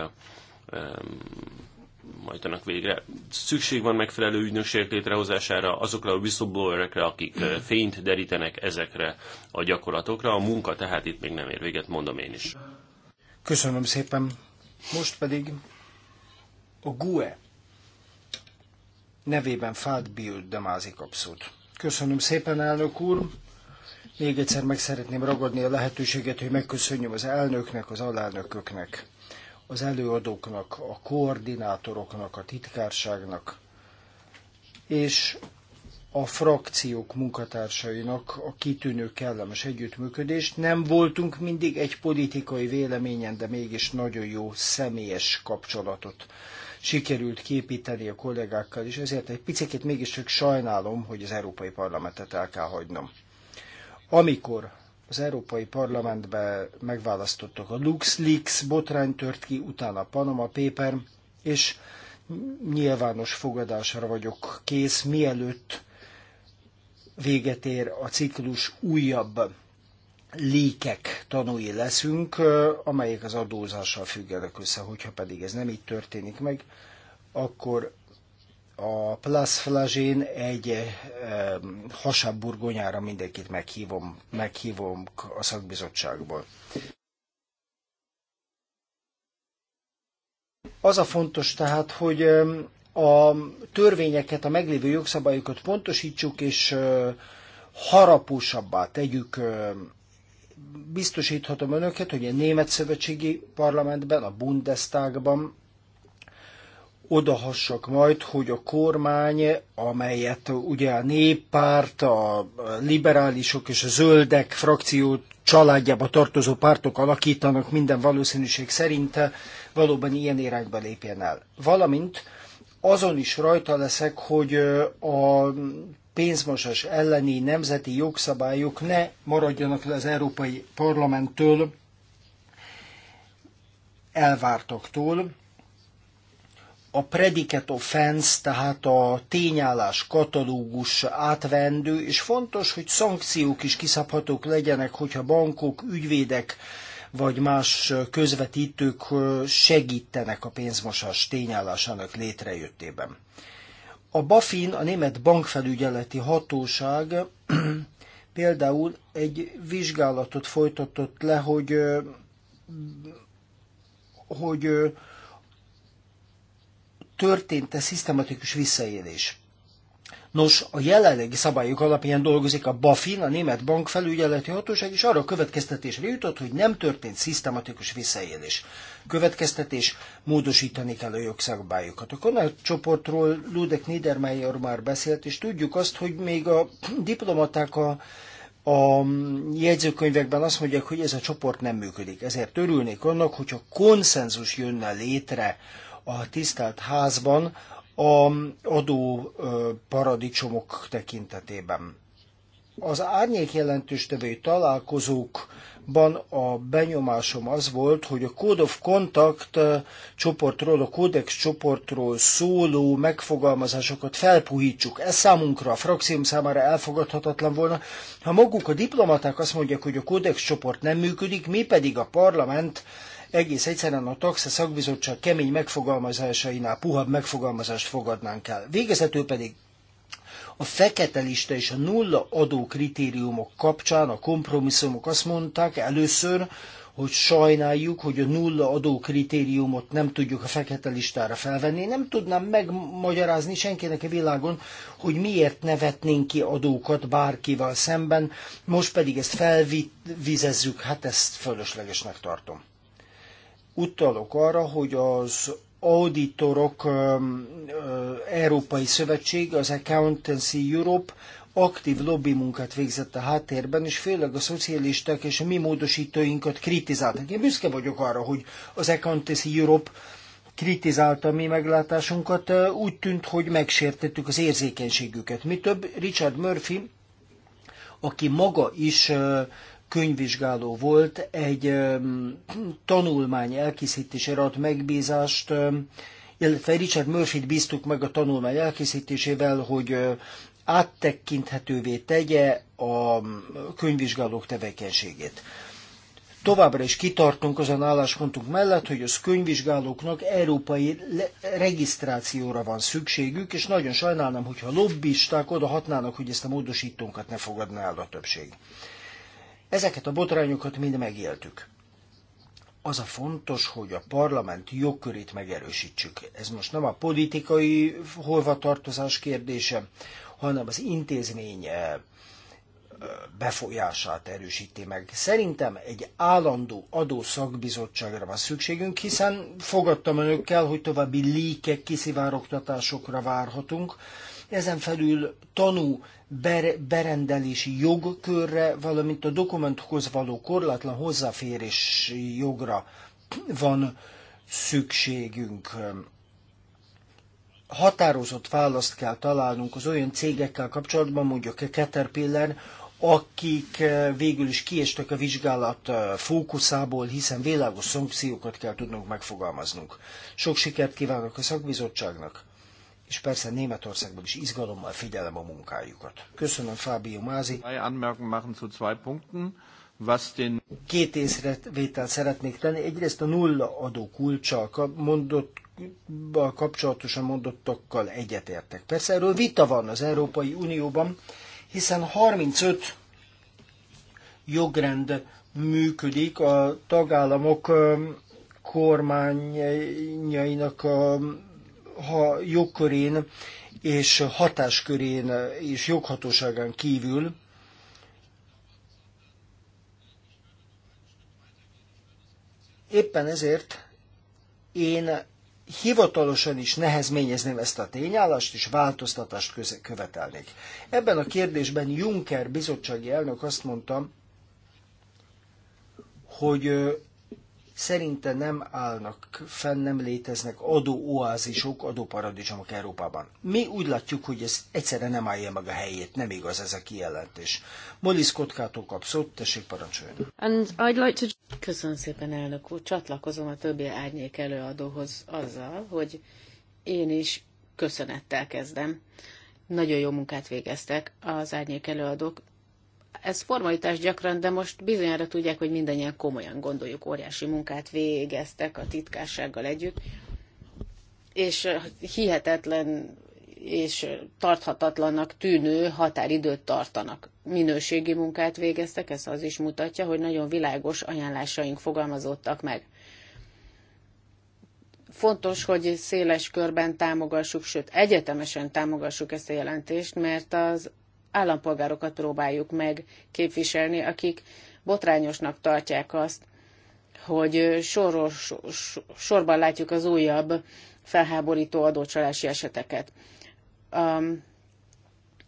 majdanak végre. Szükség van megfelelő ügynökségek létrehozására, azokra a whistleblowerekre, akik fényt derítenek ezekre a gyakorlatokra. A munka tehát itt még nem ér véget, mondom én is. Köszönöm szépen. Most pedig a GUE nevében Fát Bill Demázi kapszót. Köszönöm szépen, elnök úr. Még egyszer meg szeretném ragadni a lehetőséget, hogy megköszönjem az elnöknek, az alelnököknek, az előadóknak, a koordinátoroknak, a titkárságnak, és a frakciók munkatársainak a kitűnő kellemes együttműködést. Nem voltunk mindig egy politikai véleményen, de mégis nagyon jó személyes kapcsolatot sikerült képíteni a kollégákkal, és ezért egy picit csak sajnálom, hogy az Európai Parlamentet el kell hagynom. Amikor az Európai Parlamentbe megválasztottak a LuxLeaks, botrány tört ki, utána a Panama Paper, és nyilvános fogadásra vagyok kész, mielőtt véget ér a ciklus újabb lékek tanúi leszünk, amelyek az adózással függenek össze, hogyha pedig ez nem így történik meg, akkor a Flagin egy eh, hasább burgonyára mindenkit meghívom, meghívom a szakbizottságból. Az a fontos tehát, hogy a törvényeket, a meglévő jogszabályokat pontosítsuk, és eh, harapósabbá tegyük. Biztosíthatom önöket, hogy a Német Szövetségi Parlamentben, a Bundestagban odahassak majd, hogy a kormány, amelyet ugye a néppárt, a liberálisok és a zöldek frakció családjába tartozó pártok alakítanak minden valószínűség szerint, valóban ilyen irányba lépjen el. Valamint azon is rajta leszek, hogy a pénzmosás elleni nemzeti jogszabályok ne maradjanak le az Európai Parlamenttől elvártaktól, a predicate offense, tehát a tényállás katalógus átvendő, és fontos, hogy szankciók is kiszabhatók legyenek, hogyha bankok, ügyvédek vagy más közvetítők segítenek a pénzmosás tényállásának létrejöttében. A BaFin, a Német Bankfelügyeleti Hatóság például egy vizsgálatot folytatott le, hogy hogy történt-e szisztematikus visszaélés. Nos, a jelenlegi szabályok alapján dolgozik a BaFin, a Német bank felügyeleti Hatóság, és arra a következtetésre jutott, hogy nem történt szisztematikus visszaélés. Következtetés, módosítani kell a jogszabályokat. A Konrad csoportról Ludek Niedermeyer már beszélt, és tudjuk azt, hogy még a diplomaták a a jegyzőkönyvekben azt mondják, hogy ez a csoport nem működik. Ezért örülnék annak, hogyha konszenzus jönne létre a tisztelt házban a adó paradicsomok tekintetében. Az árnyék tevői találkozókban a benyomásom az volt, hogy a Code of Contact csoportról, a Codex csoportról szóló megfogalmazásokat felpuhítsuk. Ez számunkra, a frakcióm számára elfogadhatatlan volna. Ha maguk a diplomaták azt mondják, hogy a Codex csoport nem működik, mi pedig a parlament egész egyszerűen a taxa szakbizottság kemény megfogalmazásainál puhabb megfogalmazást fogadnánk el. Végezetül pedig a fekete lista és a nulla adó kritériumok kapcsán a kompromisszumok azt mondták először, hogy sajnáljuk, hogy a nulla adó kritériumot nem tudjuk a fekete listára felvenni. Nem tudnám megmagyarázni senkinek a világon, hogy miért ne vetnénk ki adókat bárkivel szemben, most pedig ezt felvizezzük, hát ezt fölöslegesnek tartom utalok arra, hogy az Auditorok um, uh, Európai Szövetsége, az Accountancy Europe aktív lobby munkát végzett a háttérben, és főleg a szocialisták és a mi módosítóinkat kritizálták. Én büszke vagyok arra, hogy az Accountancy Europe kritizálta a mi meglátásunkat, uh, úgy tűnt, hogy megsértettük az érzékenységüket. Mi több, Richard Murphy, aki maga is uh, könyvvizsgáló volt, egy tanulmány elkészítésére ad megbízást, illetve Richard Murphy-t bíztuk meg a tanulmány elkészítésével, hogy áttekinthetővé tegye a könyvvizsgálók tevékenységét. Továbbra is kitartunk azon álláspontunk mellett, hogy az könyvvizsgálóknak európai regisztrációra van szükségük, és nagyon sajnálnám, hogyha lobbisták hatnának, hogy ezt a módosítónkat ne fogadná el a többség. Ezeket a botrányokat mind megéltük. Az a fontos, hogy a parlament jogkörét megerősítsük. Ez most nem a politikai holvatartozás kérdése, hanem az intézmény eh, befolyását erősíti meg. Szerintem egy állandó adó szakbizottságra van szükségünk, hiszen fogadtam önökkel, hogy további líkek kiszivárogtatásokra várhatunk, ezen felül tanú berendelési jogkörre, valamint a dokumentokhoz való korlátlan hozzáférés jogra van szükségünk. Határozott választ kell találnunk az olyan cégekkel kapcsolatban, mondjuk a Caterpillar, akik eh, végül is kiestek a vizsgálat eh, fókuszából, hiszen világos szankciókat kell tudnunk megfogalmaznunk. Sok sikert kívánok a szakbizottságnak, és persze Németországban is izgalommal figyelem a munkájukat. Köszönöm Fábio Mázi. Két észrevételt szeretnék tenni. Egyrészt a nulla adó kulcsal mondott kapcsolatosan mondottakkal egyetértek. Persze erről vita van az Európai Unióban, hiszen 35 jogrend működik a tagállamok kormányainak a ha jogkörén és hatáskörén és joghatóságán kívül, Éppen ezért én hivatalosan is nehezményezném ezt a tényállást, és változtatást követelnék. Ebben a kérdésben Juncker bizottsági elnök azt mondta, hogy Szerinte nem állnak fenn, nem léteznek adóoázisok, adóparadicsomok Európában. Mi úgy látjuk, hogy ez egyszerre nem állja meg a helyét, nem igaz ez a kijelentés. Molisz Kotkától kap szót, tessék parancsoljon. And I'd like to... Köszönöm szépen, elnök úr. Csatlakozom a többi árnyék előadóhoz azzal, hogy én is köszönettel kezdem. Nagyon jó munkát végeztek az árnyék előadók ez formalitás gyakran, de most bizonyára tudják, hogy mindannyian komolyan gondoljuk, óriási munkát végeztek a titkársággal együtt, és hihetetlen és tarthatatlannak tűnő határidőt tartanak. Minőségi munkát végeztek, ez az is mutatja, hogy nagyon világos ajánlásaink fogalmazódtak meg. Fontos, hogy széles körben támogassuk, sőt egyetemesen támogassuk ezt a jelentést, mert az állampolgárokat próbáljuk meg képviselni, akik botrányosnak tartják azt, hogy soros, sorban látjuk az újabb felháborító adócsalási eseteket. Um,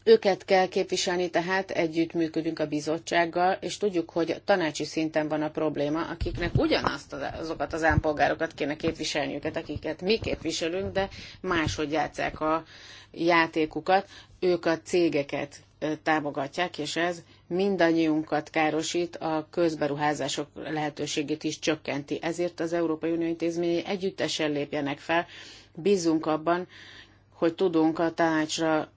őket kell képviselni, tehát együttműködünk a bizottsággal, és tudjuk, hogy tanácsi szinten van a probléma, akiknek ugyanazt azokat az állampolgárokat kéne képviselni őket, akiket mi képviselünk, de máshogy játszák a játékukat, ők a cégeket támogatják, és ez mindannyiunkat károsít, a közberuházások lehetőségét is csökkenti. Ezért az Európai Unió intézményei együttesen lépjenek fel. Bízunk abban, hogy tudunk a tanácsra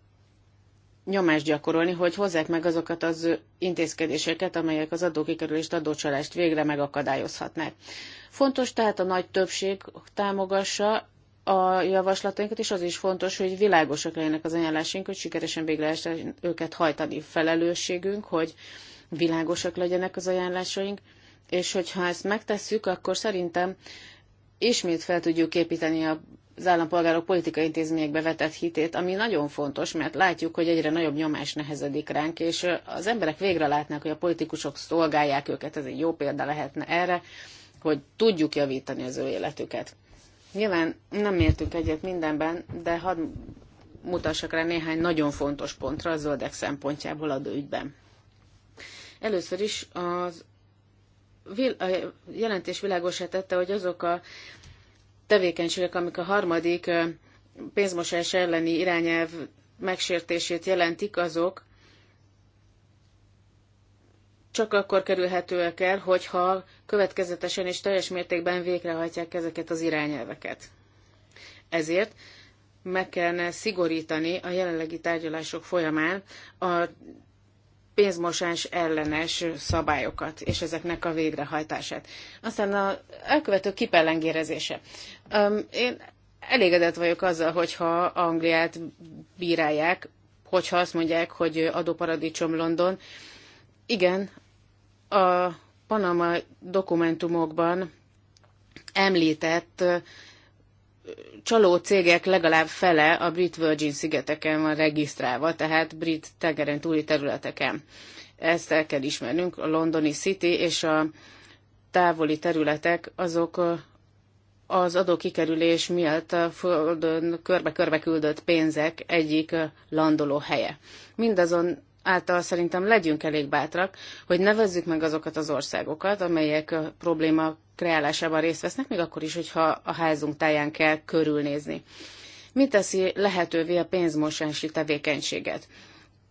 nyomást gyakorolni, hogy hozzák meg azokat az intézkedéseket, amelyek az adókikerülést, adócsalást végre megakadályozhatnák. Fontos tehát a nagy többség támogassa a javaslatainkat, és az is fontos, hogy világosak legyenek az ajánlásaink, hogy sikeresen végre őket hajtani. Felelősségünk, hogy világosak legyenek az ajánlásaink, és hogyha ezt megtesszük, akkor szerintem ismét fel tudjuk építeni a az állampolgárok politikai intézményekbe vetett hitét, ami nagyon fontos, mert látjuk, hogy egyre nagyobb nyomás nehezedik ránk, és az emberek végre látnak, hogy a politikusok szolgálják őket, ez egy jó példa lehetne erre, hogy tudjuk javítani az ő életüket. Nyilván nem értünk egyet mindenben, de hadd mutassak rá néhány nagyon fontos pontra a zöldek szempontjából adó ügyben. Először is az a jelentés világosá tette, hogy azok a tevékenységek, amik a harmadik pénzmosás elleni irányelv megsértését jelentik, azok csak akkor kerülhetőek el, hogyha következetesen és teljes mértékben végrehajtják ezeket az irányelveket. Ezért meg kellene szigorítani a jelenlegi tárgyalások folyamán a pénzmosás ellenes szabályokat és ezeknek a végrehajtását. Aztán a elkövető kipellengérezése. Én elégedett vagyok azzal, hogyha Angliát bírálják, hogyha azt mondják, hogy adóparadicsom London. Igen, a Panama dokumentumokban említett csaló cégek legalább fele a Brit Virgin szigeteken van regisztrálva, tehát brit tengeren túli területeken. Ezt el kell ismernünk, a londoni City és a távoli területek azok az adókikerülés miatt a földön körbe-körbe küldött pénzek egyik landoló helye. Mindazon által szerintem legyünk elég bátrak, hogy nevezzük meg azokat az országokat, amelyek a probléma kreálásában részt vesznek, még akkor is, hogyha a házunk táján kell körülnézni. Mi teszi lehetővé a pénzmosási tevékenységet?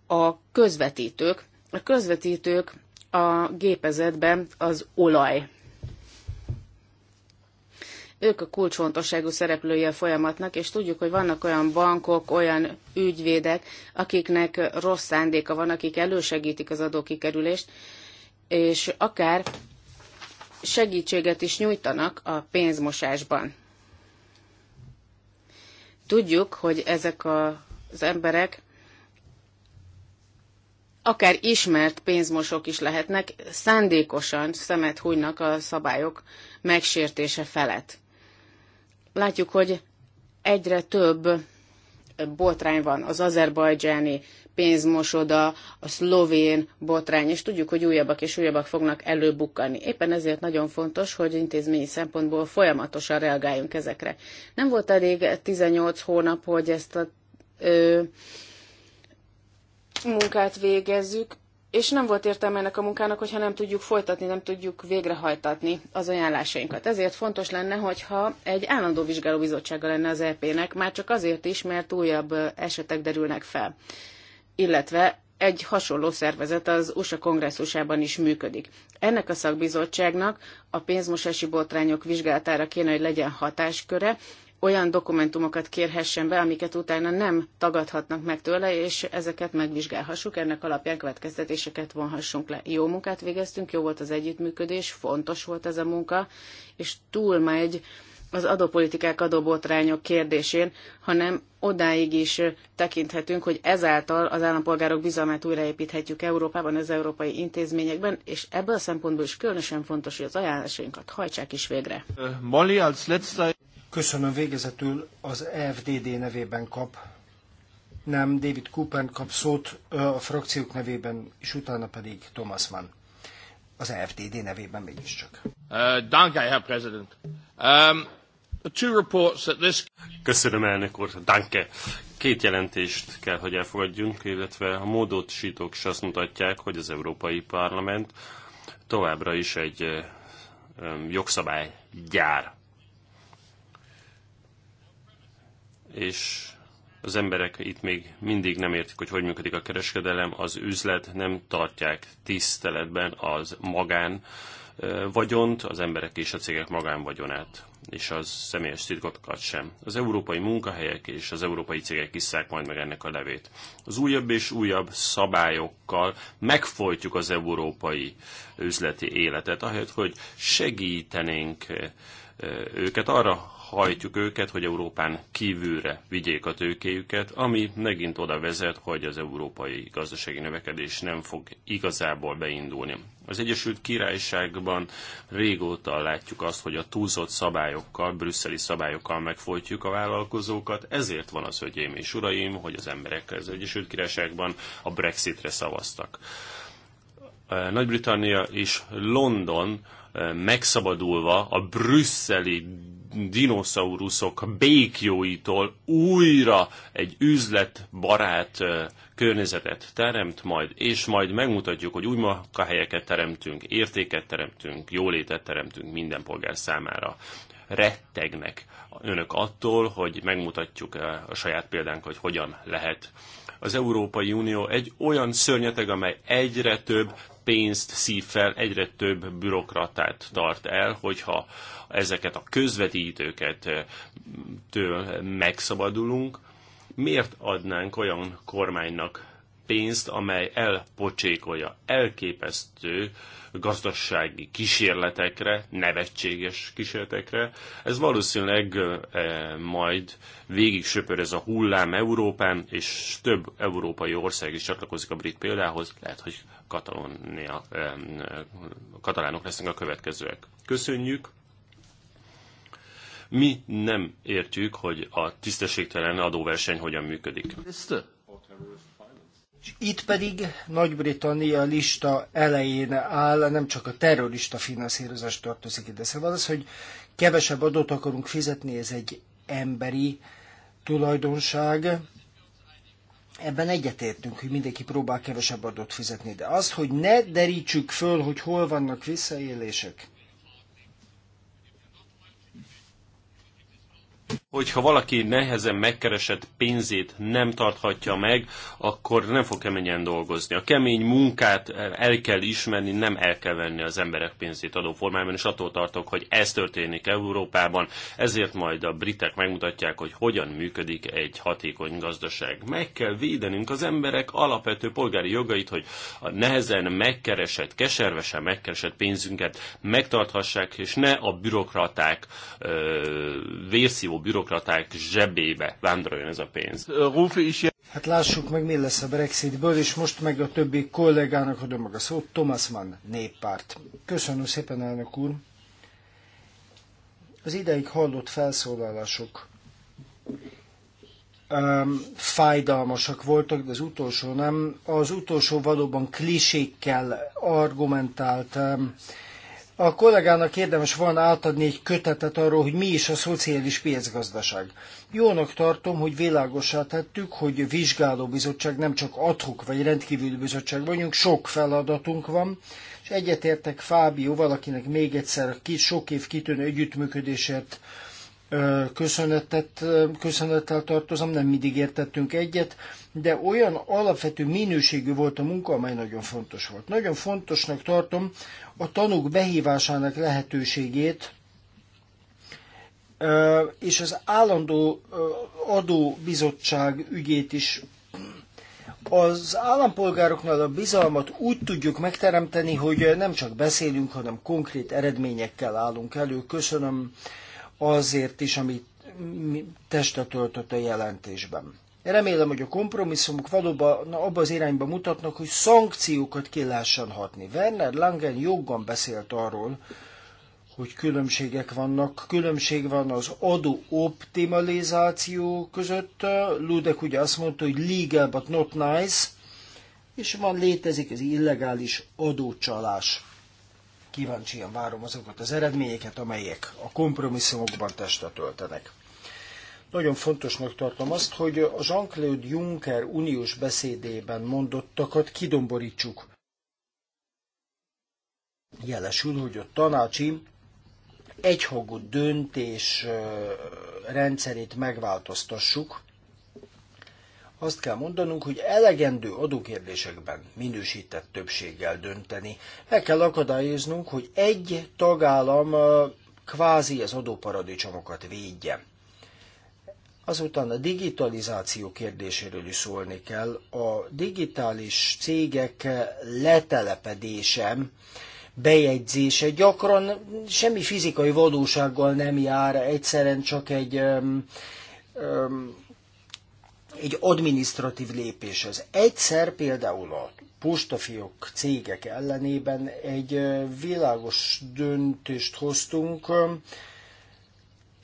A közvetítők. A közvetítők a gépezetben az olaj ők a kulcsfontosságú szereplője a folyamatnak, és tudjuk, hogy vannak olyan bankok, olyan ügyvédek, akiknek rossz szándéka van, akik elősegítik az adókikerülést, és akár segítséget is nyújtanak a pénzmosásban. Tudjuk, hogy ezek a, az emberek akár ismert pénzmosok is lehetnek, szándékosan szemet hújnak a szabályok megsértése felett látjuk, hogy egyre több botrány van, az azerbajdzsáni pénzmosoda, a szlovén botrány, és tudjuk, hogy újabbak és újabbak fognak előbukkani. Éppen ezért nagyon fontos, hogy intézményi szempontból folyamatosan reagáljunk ezekre. Nem volt elég 18 hónap, hogy ezt a ö, munkát végezzük, és nem volt értelme ennek a munkának, hogyha nem tudjuk folytatni, nem tudjuk végrehajtatni az ajánlásainkat. Ezért fontos lenne, hogyha egy állandó vizsgálóbizottsága lenne az EP-nek, már csak azért is, mert újabb esetek derülnek fel. Illetve egy hasonló szervezet az USA kongresszusában is működik. Ennek a szakbizottságnak a pénzmosási botrányok vizsgálatára kéne, hogy legyen hatásköre, olyan dokumentumokat kérhessen be, amiket utána nem tagadhatnak meg tőle, és ezeket megvizsgálhassuk, ennek alapján következtetéseket vonhassunk le. Jó munkát végeztünk, jó volt az együttműködés, fontos volt ez a munka, és túl megy az adópolitikák, adóbotrányok kérdésén, hanem odáig is tekinthetünk, hogy ezáltal az állampolgárok bizalmát újraépíthetjük Európában, az európai intézményekben, és ebből a szempontból is különösen fontos, hogy az ajánlásainkat hajtsák is végre. Molly, als letzter... Köszönöm végezetül az FDD nevében kap. Nem, David Cooper kap szót a frakciók nevében, és utána pedig Thomas Mann. Az FDD nevében mégiscsak. Uh, danke, Herr President. Um, ähm, the two reports that this... Köszönöm, elnök úr. Danke két jelentést kell, hogy elfogadjunk, illetve a módosítók is azt mutatják, hogy az Európai Parlament továbbra is egy jogszabálygyár. és az emberek itt még mindig nem értik, hogy hogy működik a kereskedelem, az üzlet, nem tartják tiszteletben az magán vagyont, az emberek és a cégek magán vagyonát, és az személyes titkokat sem. Az európai munkahelyek és az európai cégek kiszák majd meg ennek a levét. Az újabb és újabb szabályokkal megfojtjuk az európai üzleti életet, ahelyett, hogy segítenénk őket arra hajtjuk őket, hogy Európán kívülre vigyék a tőkéjüket, ami megint oda vezet, hogy az európai gazdasági növekedés nem fog igazából beindulni. Az Egyesült Királyságban régóta látjuk azt, hogy a túlzott szabályokkal, brüsszeli szabályokkal megfolytjuk a vállalkozókat, ezért van az, hogy és uraim, hogy az emberek az Egyesült Királyságban a Brexitre szavaztak. Eh, Nagy-Britannia és London eh, megszabadulva a brüsszeli dinoszauruszok békjóitól újra egy üzletbarát környezetet teremt majd, és majd megmutatjuk, hogy új munkahelyeket teremtünk, értéket teremtünk, jólétet teremtünk minden polgár számára. Rettegnek önök attól, hogy megmutatjuk a saját példánk, hogy hogyan lehet az Európai Unió egy olyan szörnyeteg, amely egyre több pénzt szív fel, egyre több bürokratát tart el, hogyha ezeket a közvetítőket től megszabadulunk, miért adnánk olyan kormánynak pénzt, amely elpocsékolja elképesztő gazdasági kísérletekre, nevetséges kísérletekre. Ez valószínűleg e, majd végig söpör ez a hullám Európán, és több európai ország is csatlakozik a brit példához. Lehet, hogy Katalónia, e, katalánok lesznek a következőek. Köszönjük! Mi nem értjük, hogy a tisztességtelen adóverseny hogyan működik. Tisztő? Itt pedig Nagy-Britannia lista elején áll, nem csak a terrorista finanszírozás tartozik ide. Szóval az, hogy kevesebb adót akarunk fizetni, ez egy emberi tulajdonság. Ebben egyetértünk, hogy mindenki próbál kevesebb adót fizetni, de az, hogy ne derítsük föl, hogy hol vannak visszaélések hogyha valaki nehezen megkeresett pénzét nem tarthatja meg, akkor nem fog keményen dolgozni. A kemény munkát el kell ismerni, nem el kell venni az emberek pénzét adó formában, és attól tartok, hogy ez történik Európában, ezért majd a britek megmutatják, hogy hogyan működik egy hatékony gazdaság. Meg kell védenünk az emberek alapvető polgári jogait, hogy a nehezen megkeresett, keservesen megkeresett pénzünket megtarthassák, és ne a bürokraták, vérszívó bürokraták, bürokraták zsebébe vándoroljon ez a pénz. Rufi is Hát lássuk meg, mi lesz a Brexitből, és most meg a többi kollégának adom meg a szót. Thomas Mann, néppárt. Köszönöm szépen, elnök úr. Az ideig hallott felszólalások um, fájdalmasak voltak, de az utolsó nem. Az utolsó valóban klisékkel argumentált um, a kollégának érdemes volna átadni egy kötetet arról, hogy mi is a szociális piacgazdaság. Jónak tartom, hogy világosá tettük, hogy vizsgáló bizottság nem csak adhok vagy rendkívüli bizottság vagyunk, sok feladatunk van, és egyetértek Fábióval, akinek még egyszer sok év kitűnő együttműködésért köszönetet, köszönettel tartozom, nem mindig értettünk egyet, de olyan alapvető minőségű volt a munka, amely nagyon fontos volt. Nagyon fontosnak tartom a tanúk behívásának lehetőségét, és az állandó adóbizottság ügyét is az állampolgároknál a bizalmat úgy tudjuk megteremteni, hogy nem csak beszélünk, hanem konkrét eredményekkel állunk elő. Köszönöm azért is, amit testre töltött a jelentésben. Remélem, hogy a kompromisszumok valóban abba az irányba mutatnak, hogy szankciókat ki lehessen hatni. Werner Langen joggan beszélt arról, hogy különbségek vannak. Különbség van az adó optimalizáció között. Ludek ugye azt mondta, hogy legal but not nice, és van, létezik az illegális adócsalás kíváncsian várom azokat az eredményeket, amelyek a kompromisszumokban testet töltenek. Nagyon fontosnak tartom azt, hogy a Jean-Claude Juncker uniós beszédében mondottakat kidomborítsuk. Jelesül, hogy a tanácsi egyhangú döntés rendszerét megváltoztassuk, azt kell mondanunk, hogy elegendő adókérdésekben minősített többséggel dönteni. Meg kell akadályoznunk, hogy egy tagállam kvázi az adóparadicsomokat védje. Azután a digitalizáció kérdéséről is szólni kell. A digitális cégek letelepedése, bejegyzése gyakran semmi fizikai valósággal nem jár, egyszerűen csak egy um, um, egy administratív lépés ez. Egyszer például a postafiók cégek ellenében egy világos döntést hoztunk,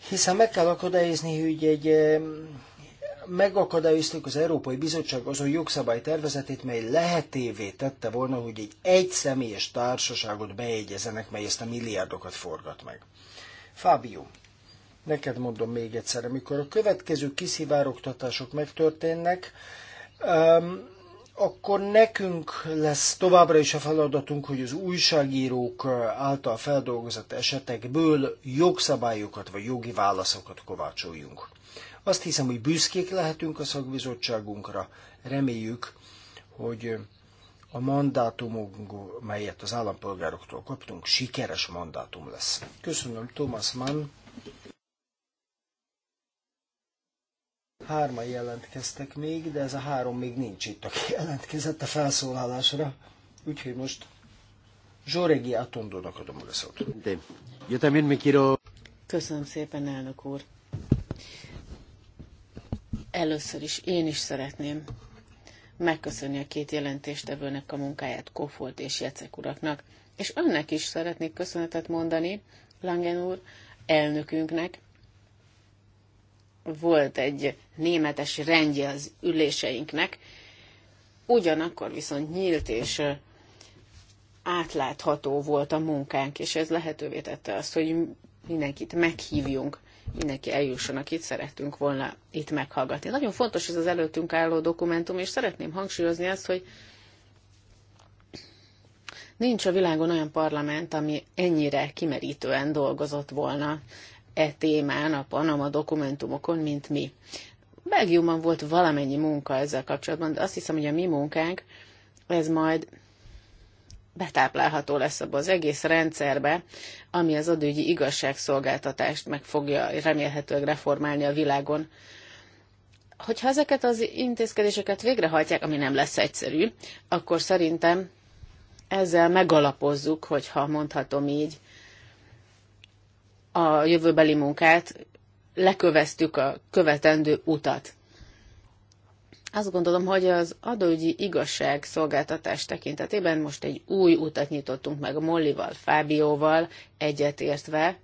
hiszen meg kell akadályozni, hogy egy megakadályoztuk az Európai Bizottság azon tervezetét, mely lehetévé tette volna, hogy egy egyszemélyes társaságot bejegyezenek, mely ezt a milliárdokat forgat meg. Fábio, Neked mondom még egyszer, amikor a következő kiszivárogtatások megtörténnek, um, akkor nekünk lesz továbbra is a feladatunk, hogy az újságírók által feldolgozott esetekből jogszabályokat vagy jogi válaszokat kovácsoljunk. Azt hiszem, hogy büszkék lehetünk a szakbizottságunkra. Reméljük, hogy a mandátumunk, melyet az állampolgároktól kaptunk, sikeres mandátum lesz. Köszönöm, Thomas Mann. Hárman jelentkeztek még, de ez a három még nincs itt, aki jelentkezett a felszólalásra. Úgyhogy most Zsoregi Atondónak adom a szót. Köszönöm szépen, elnök úr. Először is én is szeretném megköszönni a két jelentéstevőnek a munkáját, Kofolt és Jecek uraknak, és önnek is szeretnék köszönetet mondani, Langen úr, elnökünknek, volt egy németes rendje az üléseinknek, ugyanakkor viszont nyílt és átlátható volt a munkánk, és ez lehetővé tette azt, hogy mindenkit meghívjunk, mindenki eljusson, akit szerettünk volna itt meghallgatni. Nagyon fontos ez az előttünk álló dokumentum, és szeretném hangsúlyozni azt, hogy nincs a világon olyan parlament, ami ennyire kimerítően dolgozott volna e témán, a Panama dokumentumokon, mint mi. Belgiumban volt valamennyi munka ezzel kapcsolatban, de azt hiszem, hogy a mi munkánk, ez majd betáplálható lesz abba az egész rendszerbe, ami az adőgyi igazságszolgáltatást meg fogja remélhetőleg reformálni a világon. Hogyha ezeket az intézkedéseket végrehajtják, ami nem lesz egyszerű, akkor szerintem ezzel megalapozzuk, hogyha mondhatom így, a jövőbeli munkát, leköveztük a követendő utat. Azt gondolom, hogy az adóügyi szolgáltatás tekintetében most egy új utat nyitottunk meg Mollival, Fábióval egyetértve.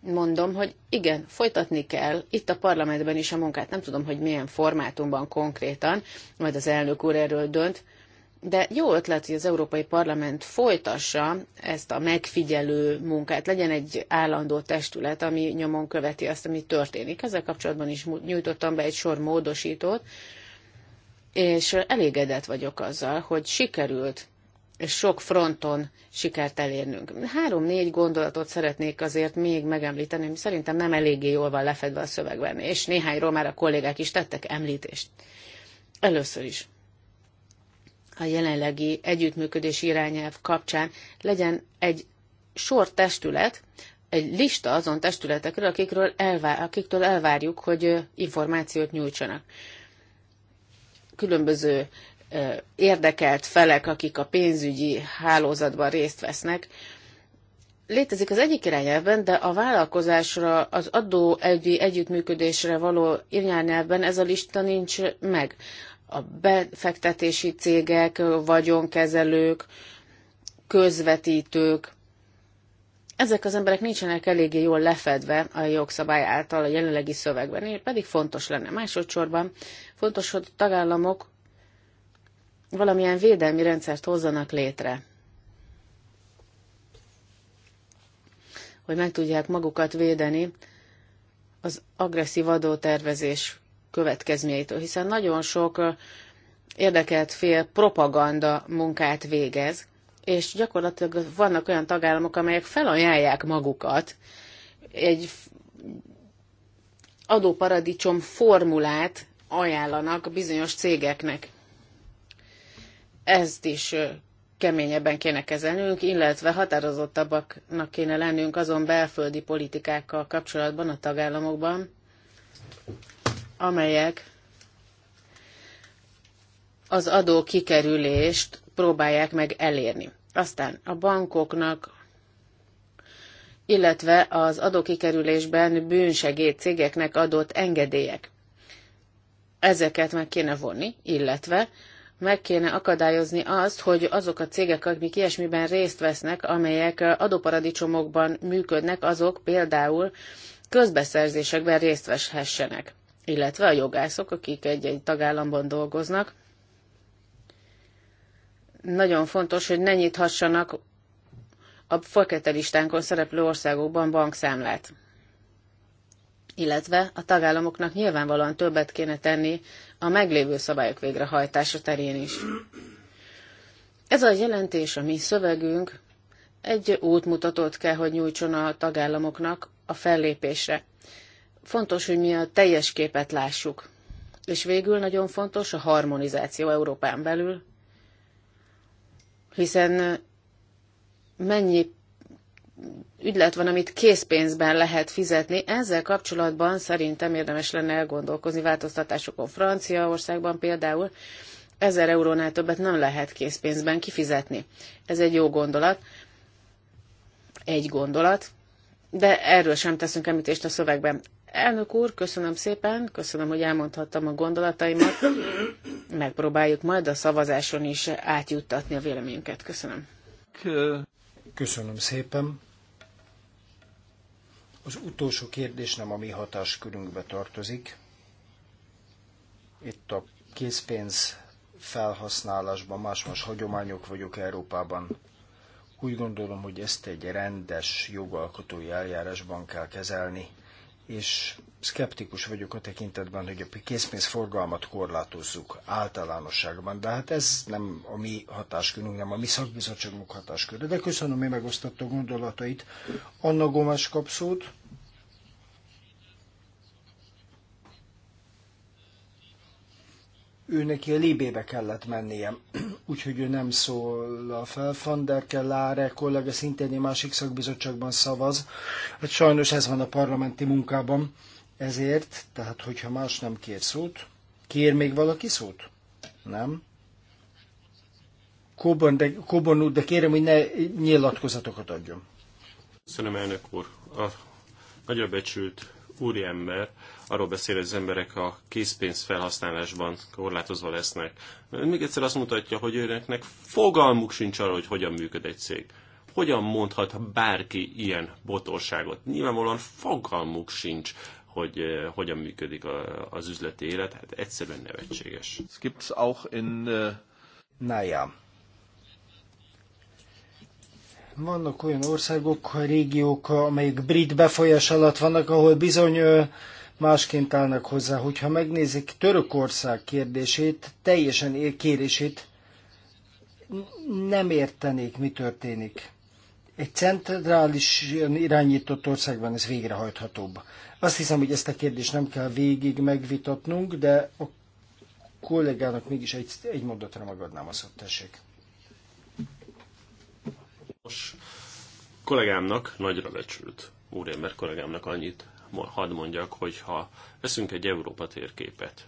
Mondom, hogy igen, folytatni kell itt a parlamentben is a munkát. Nem tudom, hogy milyen formátumban konkrétan, majd az elnök úr erről dönt, de jó ötlet, hogy az Európai Parlament folytassa ezt a megfigyelő munkát. Legyen egy állandó testület, ami nyomon követi azt, ami történik. Ezzel kapcsolatban is nyújtottam be egy sor módosítót, és elégedett vagyok azzal, hogy sikerült és sok fronton sikert elérnünk. Három-négy gondolatot szeretnék azért még megemlíteni, ami szerintem nem eléggé jól van lefedve a szövegben, és néhányról már a kollégák is tettek említést. Először is a jelenlegi együttműködés irányelv kapcsán legyen egy sor testület, egy lista azon testületekről, akikről elvár, akiktől elvárjuk, hogy információt nyújtsanak. Különböző érdekelt felek, akik a pénzügyi hálózatban részt vesznek. Létezik az egyik irányelvben, de a vállalkozásra, az adó együttműködésre való irányelvben ez a lista nincs meg a befektetési cégek, vagyonkezelők, közvetítők. Ezek az emberek nincsenek eléggé jól lefedve a jogszabály által a jelenlegi szövegben, pedig fontos lenne. Másodszorban fontos, hogy a tagállamok valamilyen védelmi rendszert hozzanak létre. Hogy meg tudják magukat védeni az agresszív adótervezés következményeitől, hiszen nagyon sok érdekelt fél propaganda munkát végez, és gyakorlatilag vannak olyan tagállamok, amelyek felajánlják magukat egy adóparadicsom formulát ajánlanak bizonyos cégeknek. Ezt is keményebben kéne kezelnünk, illetve határozottabbaknak kéne lennünk azon belföldi politikákkal kapcsolatban a tagállamokban, amelyek az adó kikerülést próbálják meg elérni. Aztán a bankoknak, illetve az adókikerülésben bűnsegéd cégeknek adott engedélyek. Ezeket meg kéne vonni, illetve meg kéne akadályozni azt, hogy azok a cégek, akik ilyesmiben részt vesznek, amelyek adóparadicsomokban működnek, azok például közbeszerzésekben részt veshessenek illetve a jogászok, akik egy-egy tagállamban dolgoznak. Nagyon fontos, hogy ne nyithassanak a fekete listánkon szereplő országokban bankszámlát. Illetve a tagállamoknak nyilvánvalóan többet kéne tenni a meglévő szabályok végrehajtása terén is. Ez a jelentés, a mi szövegünk, egy útmutatót kell, hogy nyújtson a tagállamoknak a fellépésre. Fontos, hogy mi a teljes képet lássuk. És végül nagyon fontos a harmonizáció Európán belül, hiszen mennyi ügylet van, amit készpénzben lehet fizetni. Ezzel kapcsolatban szerintem érdemes lenne elgondolkozni változtatásokon Franciaországban például. 1000 eurónál többet nem lehet készpénzben kifizetni. Ez egy jó gondolat, egy gondolat, de erről sem teszünk említést a szövegben. Elnök úr, köszönöm szépen, köszönöm, hogy elmondhattam a gondolataimat. Megpróbáljuk majd a szavazáson is átjuttatni a véleményünket. Köszönöm. Köszönöm szépen. Az utolsó kérdés nem a mi hatáskörünkbe tartozik. Itt a készpénz felhasználásban más-más hagyományok vagyok Európában. Úgy gondolom, hogy ezt egy rendes jogalkotói eljárásban kell kezelni és szkeptikus vagyok a tekintetben, hogy a készpénzforgalmat korlátozzuk általánosságban, de hát ez nem a mi hatáskörünk, nem a mi szakbizottságunk hatáskörre. De köszönöm, hogy megosztotta gondolatait. Anna Gomes kapszót, neki a Libébe kellett mennie, úgyhogy ő nem a fel. Van der Kellare kollega szintén egy másik szakbizottságban szavaz. Hát sajnos ez van a parlamenti munkában. Ezért, tehát hogyha más nem kér szót, kér még valaki szót? Nem? Kóban, de, Kobon, de kérem, hogy ne nyilatkozatokat adjon. Köszönöm, elnök úr. A nagyra becsült úriember arról beszél, hogy az emberek a készpénz felhasználásban korlátozva lesznek. Még egyszer azt mutatja, hogy őneknek fogalmuk sincs arról, hogy hogyan működ egy cég. Hogyan mondhat bárki ilyen botorságot? Nyilvánvalóan fogalmuk sincs, hogy eh, hogyan működik a, az üzleti élet. Hát egyszerűen nevetséges. Es gibt's auch in... Uh... Eh, naja vannak olyan országok, régiók, amelyek brit befolyás alatt vannak, ahol bizony eh, másként állnak hozzá. Hogyha megnézik Törökország kérdését, teljesen kérését, nem értenék, mi történik. Egy centrális irányított országban ez végrehajthatóbb. Azt hiszem, hogy ezt a kérdést nem kell végig megvitatnunk, de a kollégának mégis egy, egy mondatra magadnám a szót, tessék. Most kollégámnak nagyra becsült úriember kollégámnak annyit hadd mondjak, hogy ha veszünk egy Európa térképet,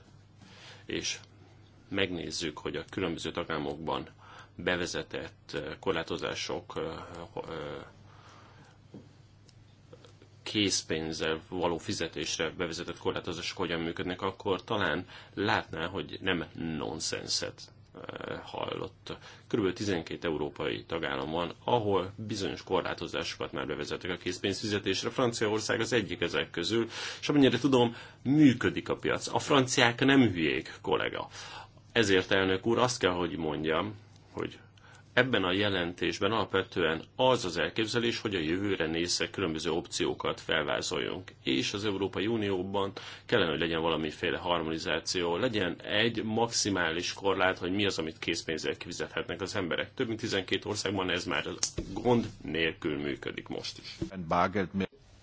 és megnézzük, hogy a különböző tagállamokban bevezetett korlátozások készpénzzel való fizetésre bevezetett korlátozások hogyan működnek, akkor talán látná, hogy nem nonsenset hallott. Körülbelül 12 európai tagállam van, ahol bizonyos korlátozásokat már bevezettek a készpénzfizetésre. Franciaország az egyik ezek közül, és amennyire tudom, működik a piac. A franciák nem hülyék, kollega. Ezért, elnök úr, azt kell, hogy mondjam, hogy ebben a jelentésben alapvetően az az elképzelés, hogy a jövőre nézve különböző opciókat felvázoljunk. És az Európai Unióban kellene, hogy legyen valamiféle harmonizáció, legyen egy maximális korlát, hogy mi az, amit készpénzzel kifizethetnek az emberek. Több mint 12 országban ez már gond nélkül működik most is.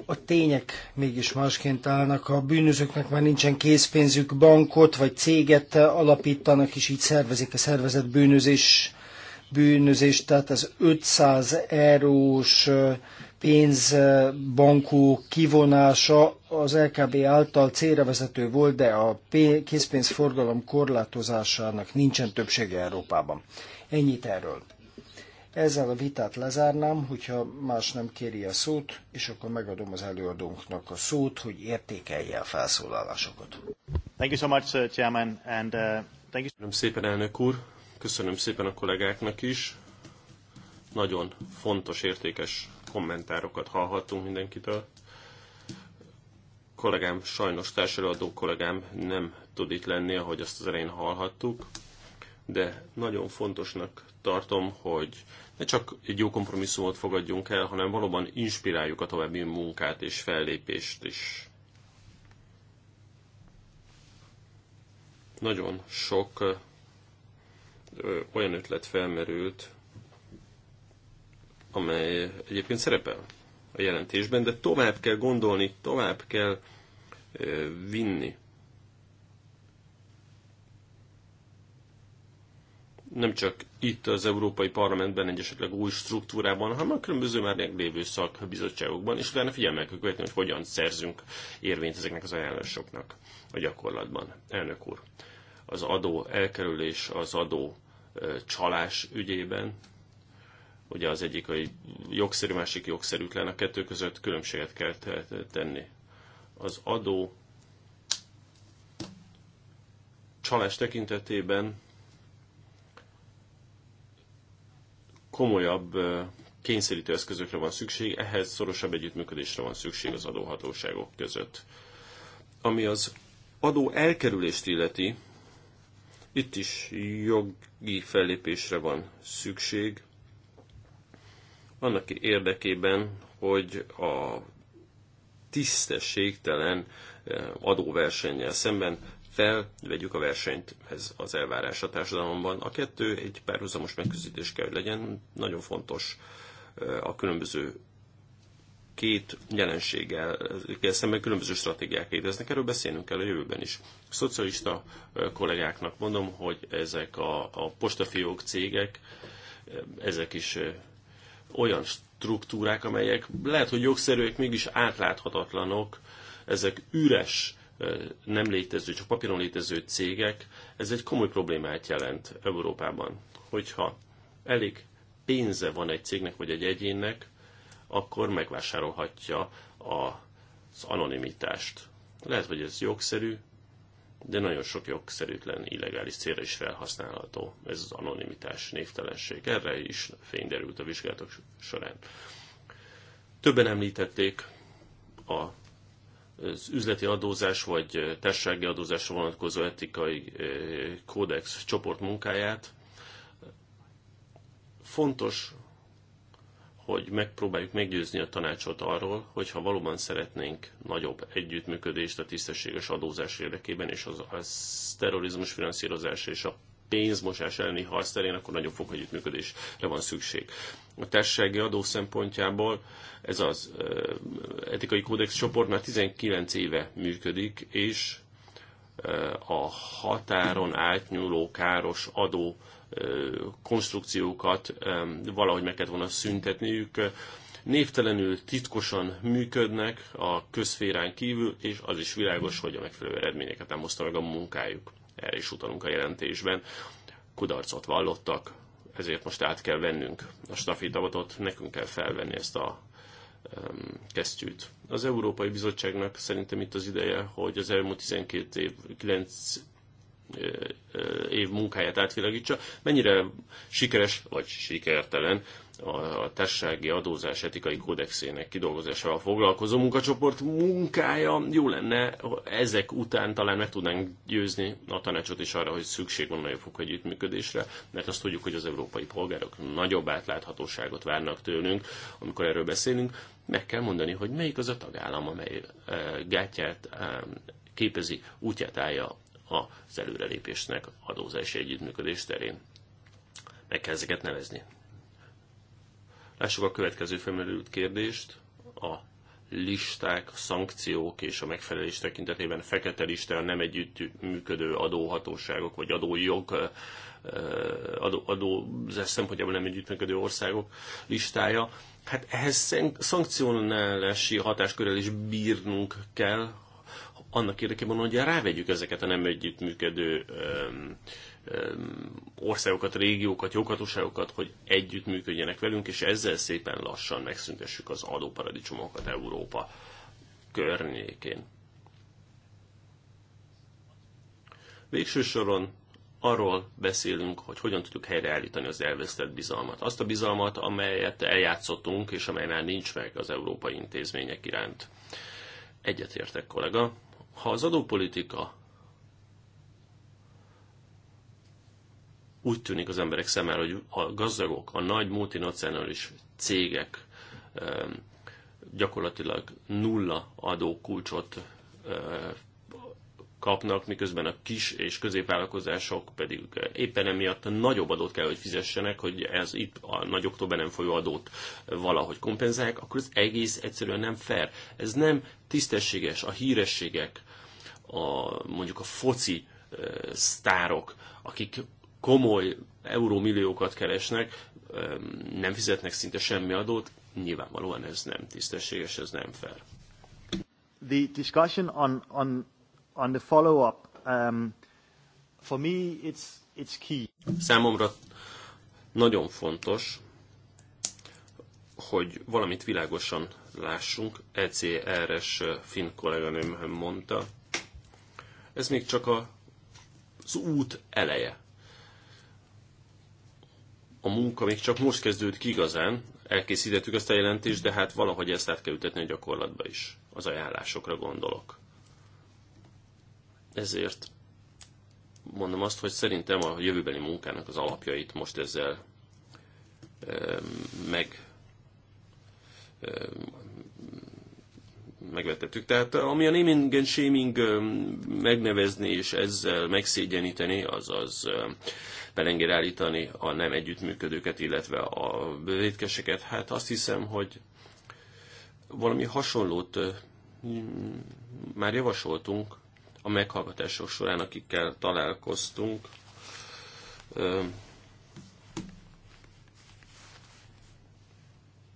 A tények mégis másként állnak, a bűnözőknek már nincsen készpénzük, bankot vagy céget alapítanak, és így szervezik a szervezet bűnözés bűnözés, tehát az 500 eurós pénzbankú kivonása az LKB által célra vezető volt, de a készpénzforgalom korlátozásának nincsen többsége Európában. Ennyit erről. Ezzel a vitát lezárnám, hogyha más nem kéri a szót, és akkor megadom az előadónknak a szót, hogy értékelje a felszólalásokat. Thank you so much, Chairman, and, uh, thank you. Köszönöm szépen, elnök úr, Köszönöm szépen a kollégáknak is. Nagyon fontos, értékes kommentárokat hallhattunk mindenkitől. Kollégám, sajnos társadalmadó kollégám nem tud itt lenni, ahogy azt az elején hallhattuk, de nagyon fontosnak tartom, hogy ne csak egy jó kompromisszumot fogadjunk el, hanem valóban inspiráljuk a további munkát és fellépést is. Nagyon sok olyan ötlet felmerült, amely egyébként szerepel a jelentésben, de tovább kell gondolni, tovább kell vinni. Nem csak itt az Európai Parlamentben egy esetleg új struktúrában, hanem a különböző már lévő szakbizottságokban, és utána figyelme kell követni, hogy hogyan szerzünk érvényt ezeknek az ajánlásoknak a gyakorlatban. Elnök úr, az adó elkerülés, az adó csalás ügyében. Ugye az egyik a jogszerű, másik jogszerűtlen, a kettő között különbséget kell tenni. Az adó csalás tekintetében komolyabb kényszerítő eszközökre van szükség, ehhez szorosabb együttműködésre van szükség az adóhatóságok között. Ami az adó elkerülést illeti, itt is jogi fellépésre van szükség, annak érdekében, hogy a tisztességtelen eh, adóversennyel szemben felvegyük a versenyt, ez az elvárás a társadalomban. A kettő egy párhuzamos megközelítés kell, hogy legyen. Nagyon fontos eh, a különböző két jelenséggel szemben különböző stratégiák léteznek, erről beszélnünk kell a jövőben is. A szocialista kollégáknak mondom, hogy ezek a, a postafiók cégek, ezek is olyan struktúrák, amelyek lehet, hogy jogszerűek, mégis átláthatatlanok, ezek üres, nem létező, csak papíron létező cégek, ez egy komoly problémát jelent Európában. Hogyha elég pénze van egy cégnek vagy egy egyénnek, akkor megvásárolhatja az anonimitást. Lehet, hogy ez jogszerű, de nagyon sok jogszerűtlen, illegális célra is felhasználható ez az anonimitás névtelenség. Erre is fény derült a vizsgálatok során. Többen említették a az üzleti adózás vagy társasági adózásra vonatkozó etikai eh, kódex csoport munkáját. Fontos, hogy megpróbáljuk meggyőzni a tanácsot arról, hogy ha valóban szeretnénk nagyobb együttműködést a tisztességes adózás érdekében és az, az terrorizmus finanszírozás és a pénzmosás elleni harc terén, akkor nagyobb fokú együttműködésre van szükség. A társasági adó szempontjából ez az etikai kódex csoport már 19 éve működik, és a határon átnyúló káros adó konstrukciókat valahogy meg kellett volna szüntetniük. Névtelenül, titkosan működnek a közférán kívül, és az is világos, hogy a megfelelő eredményeket nem hozta meg a munkájuk. Erre is utalunk a jelentésben. Kudarcot vallottak, ezért most át kell vennünk a stafétabatot, nekünk kell felvenni ezt a kesztyűt. Az Európai Bizottságnak szerintem itt az ideje, hogy az elmúlt 12 év, 9 év munkáját átvilágítsa, mennyire sikeres vagy sikertelen a társasági adózás etikai kódexének kidolgozásával foglalkozó munkacsoport munkája. Jó lenne, ezek után talán meg tudnánk győzni a tanácsot is arra, hogy szükség van nagyobb fokú együttműködésre, mert azt tudjuk, hogy az európai polgárok nagyobb átláthatóságot várnak tőlünk, amikor erről beszélünk. Meg kell mondani, hogy melyik az a tagállam, amely gátját képezi, útját állja az előrelépésnek adózási együttműködés terén. Meg kell ezeket nevezni. Lássuk a következő felmerült kérdést. A listák, szankciók és a megfelelés tekintetében fekete lista a nem együttműködő adóhatóságok vagy adójog adó, adózás szempontjából nem együttműködő országok listája. Hát ehhez szankcionálási hatáskörrel is bírnunk kell, annak érdekében, hogy rávegyük ezeket a nem együttműködő öm, országokat, régiókat, joghatóságokat, hogy együttműködjenek velünk, és ezzel szépen lassan megszüntessük az adóparadicsomokat Európa környékén. Végső soron arról beszélünk, hogy hogyan tudjuk helyreállítani az elvesztett bizalmat. Azt a bizalmat, amelyet eljátszottunk, és már nincs meg az európai intézmények iránt. Egyetértek, kollega. Ha az adópolitika úgy tűnik az emberek szemére, hogy a gazdagok, a nagy multinacionális cégek gyakorlatilag nulla adókulcsot kapnak, miközben a kis és középvállalkozások pedig éppen emiatt nagyobb adót kell, hogy fizessenek, hogy ez itt a nagy október nem folyó adót valahogy kompenzálják, akkor ez egész egyszerűen nem fair. Ez nem tisztességes. A hírességek, a, mondjuk a foci e, sztárok, akik komoly eurómilliókat keresnek, e, nem fizetnek szinte semmi adót, nyilvánvalóan ez nem tisztességes, ez nem fair. The discussion on, on on the follow-up, um, for me it's, it's key. Számomra nagyon fontos, hogy valamit világosan lássunk. ECRS uh, finn kolléganőm mondta. Ez még csak a, az út eleje. A munka még csak most kezdődött ki igazán, elkészítettük ezt a jelentést, de hát valahogy ezt át kell ütetni a gyakorlatba is. Az ajánlásokra gondolok. Ezért mondom azt, hogy szerintem a jövőbeni munkának az alapjait most ezzel meg megvetettük. Tehát ami a naming and shaming megnevezni és ezzel megszégyeníteni, azaz belengére állítani a nem együttműködőket, illetve a bővétkeseket, hát azt hiszem, hogy valami hasonlót már javasoltunk a meghallgatások során, akikkel találkoztunk,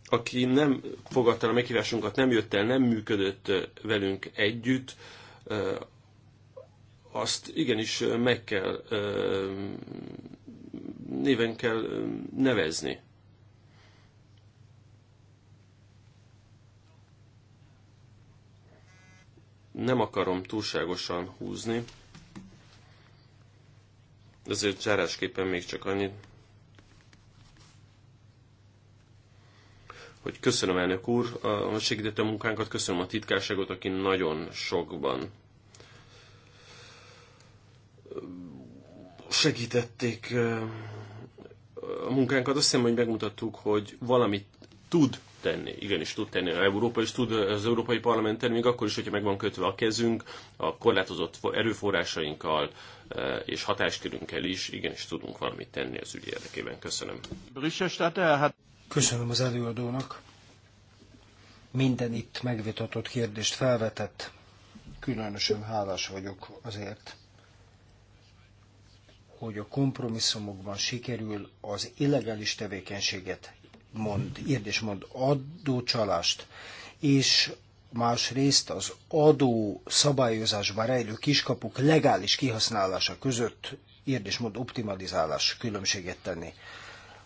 aki nem fogadta a meghívásunkat, nem jött el, nem működött velünk együtt, azt igenis meg kell, néven kell nevezni. Nem akarom túlságosan húzni, ezért zárásképpen még csak annyit, hogy köszönöm elnök úr, a segítette munkánkat, köszönöm a titkárságot, aki nagyon sokban segítették a munkánkat. Azt hiszem, hogy megmutattuk, hogy valamit tud tenni. Igenis tud tenni. az Európa is tud az Európai Parlament tenni, még akkor is, hogyha meg van kötve a kezünk, a korlátozott erőforrásainkkal eh, és hatáskörünkkel is igenis tudunk valamit tenni az ügy érdekében. Köszönöm. Eh, hát- Köszönöm az előadónak. Minden itt megvitatott kérdést felvetett. Különösen hálás vagyok azért hogy a kompromisszumokban sikerül az illegális tevékenységet mond, érdés mond adócsalást, és másrészt az adó szabályozásban rejlő kiskapuk legális kihasználása között mond optimalizálás különbséget tenni.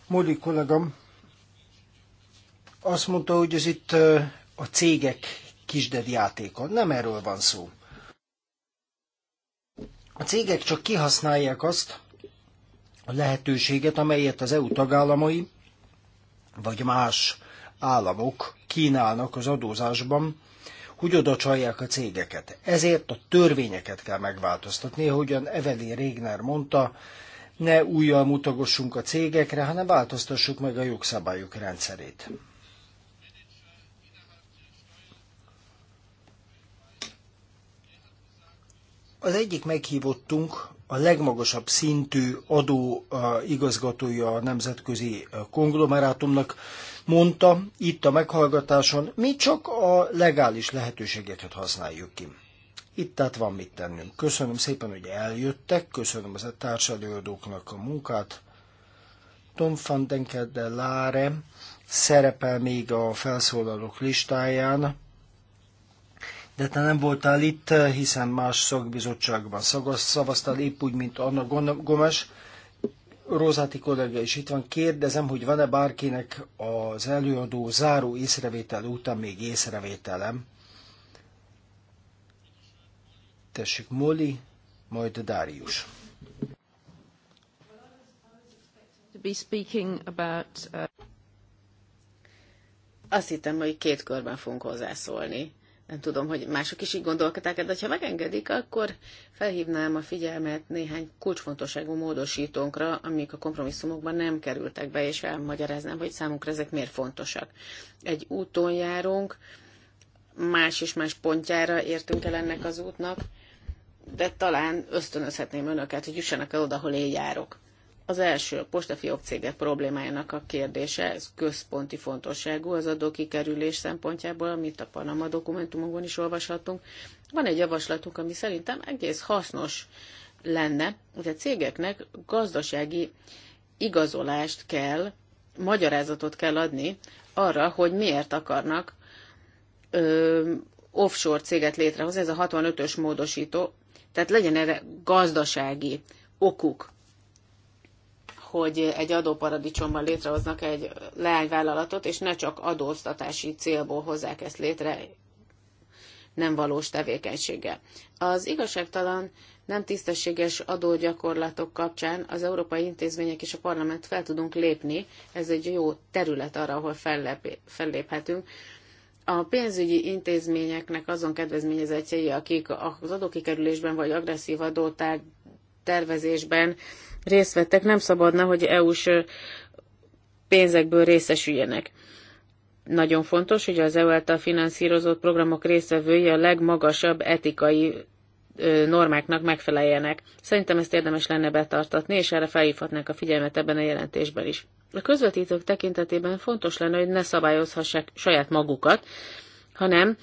Móli kollégám azt mondta, hogy ez itt a cégek kisded játéka. Nem erről van szó. A cégek csak kihasználják azt a lehetőséget, amelyet az EU tagállamai vagy más államok kínálnak az adózásban, hogy oda csalják a cégeket. Ezért a törvényeket kell megváltoztatni, ahogyan Evelyn Régner mondta, ne újjal mutogassunk a cégekre, hanem változtassuk meg a jogszabályok rendszerét. Az egyik meghívottunk a legmagasabb szintű adó igazgatója a nemzetközi konglomerátumnak, mondta itt a meghallgatáson, mi csak a legális lehetőségeket hát használjuk ki. Itt tehát van mit tennünk. Köszönöm szépen, hogy eljöttek, köszönöm az társadalmadóknak a munkát. Tom van Denker Lare szerepel még a felszólalók listáján de te nem voltál itt, hiszen más szakbizottságban szavaztál, épp úgy, mint Anna Gomes. Rózáti kollega is itt van. Kérdezem, hogy van-e bárkinek az előadó záró észrevétel után még észrevételem? Tessék, Moli, majd Dárius. Uh, Azt hittem, hogy két körben fogunk hozzászólni nem tudom, hogy mások is így gondolkodták, de ha megengedik, akkor felhívnám a figyelmet néhány kulcsfontosságú módosítónkra, amik a kompromisszumokban nem kerültek be, és elmagyaráznám, hogy számunkra ezek miért fontosak. Egy úton járunk, más és más pontjára értünk el ennek az útnak, de talán ösztönözhetném önöket, hogy jussanak el oda, ahol én járok. Az első a postafiók cége problémájának a kérdése, ez központi fontosságú az adókikerülés szempontjából, amit a Panama dokumentumokban is olvashatunk. Van egy javaslatunk, ami szerintem egész hasznos lenne, hogy a cégeknek gazdasági igazolást kell, magyarázatot kell adni arra, hogy miért akarnak ö, offshore céget létrehozni, ez a 65-ös módosító, tehát legyen erre gazdasági okuk, hogy egy adóparadicsomban létrehoznak egy leányvállalatot, és ne csak adóztatási célból hozzák ezt létre nem valós tevékenységgel. Az igazságtalan, nem tisztességes adógyakorlatok kapcsán az európai intézmények és a parlament fel tudunk lépni, ez egy jó terület arra, ahol fellép, felléphetünk. A pénzügyi intézményeknek azon kedvezményezettjei, akik az adókikerülésben vagy agresszív adótár tervezésben részt vettek, nem szabadna, hogy EU-s pénzekből részesüljenek. Nagyon fontos, hogy az EU által finanszírozott programok résztvevői a legmagasabb etikai normáknak megfeleljenek. Szerintem ezt érdemes lenne betartatni, és erre felhívhatnánk a figyelmet ebben a jelentésben is. A közvetítők tekintetében fontos lenne, hogy ne szabályozhassák saját magukat, hanem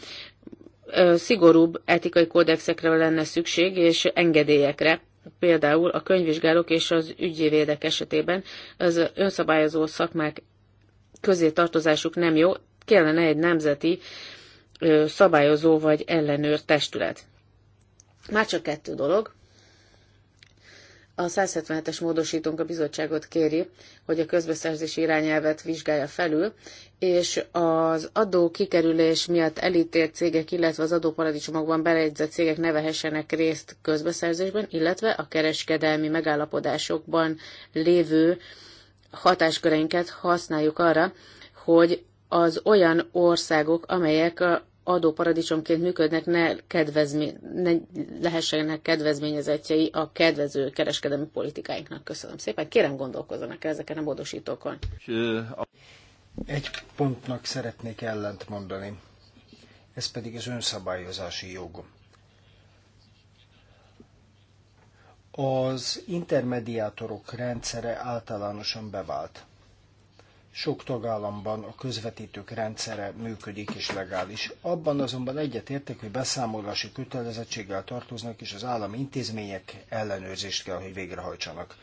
szigorúbb etikai kódexekre lenne szükség, és engedélyekre, például a könyvvizsgálók és az ügyvédek esetében az önszabályozó szakmák közé tartozásuk nem jó, kellene egy nemzeti szabályozó vagy ellenőr testület. Már csak kettő dolog. A 177-es módosítónk a bizottságot kéri, hogy a közbeszerzési irányelvet vizsgálja felül, és az adó kikerülés miatt elítélt cégek, illetve az adóparadicsomokban belejegyzett cégek ne vehessenek részt közbeszerzésben, illetve a kereskedelmi megállapodásokban lévő hatásköreinket használjuk arra, hogy az olyan országok, amelyek adóparadicsomként működnek, ne, kedvezmé, ne lehessenek kedvezményezetjei a kedvező kereskedelmi politikáinknak. Köszönöm szépen. Kérem gondolkozzanak ezeken a módosítókon. Egy pontnak szeretnék ellent mondani. Ez pedig az önszabályozási jog. Az intermediátorok rendszere általánosan bevált sok tagállamban a közvetítők rendszere működik és legális. Abban azonban egyetértek, hogy beszámolási kötelezettséggel tartoznak, és az állami intézmények ellenőrzést kell, hogy végrehajtsanak.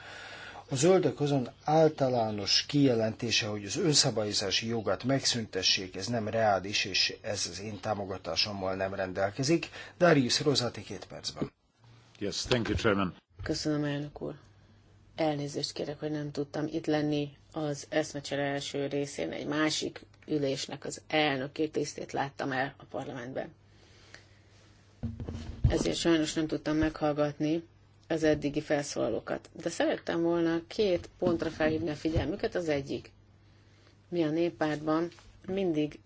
A zöldök azon általános kijelentése, hogy az önszabályozási jogát megszüntessék, ez nem reális, és ez az én támogatásommal nem rendelkezik. Darius Rozati két percben. Yes, thank you, Chairman. Köszönöm, elnök úr. Elnézést kérek, hogy nem tudtam itt lenni az eszmecsere első részén. Egy másik ülésnek az elnöki tisztét láttam el a parlamentben. Ezért sajnos nem tudtam meghallgatni az eddigi felszólalókat. De szerettem volna két pontra felhívni a figyelmüket. Az egyik. Mi a néppártban mindig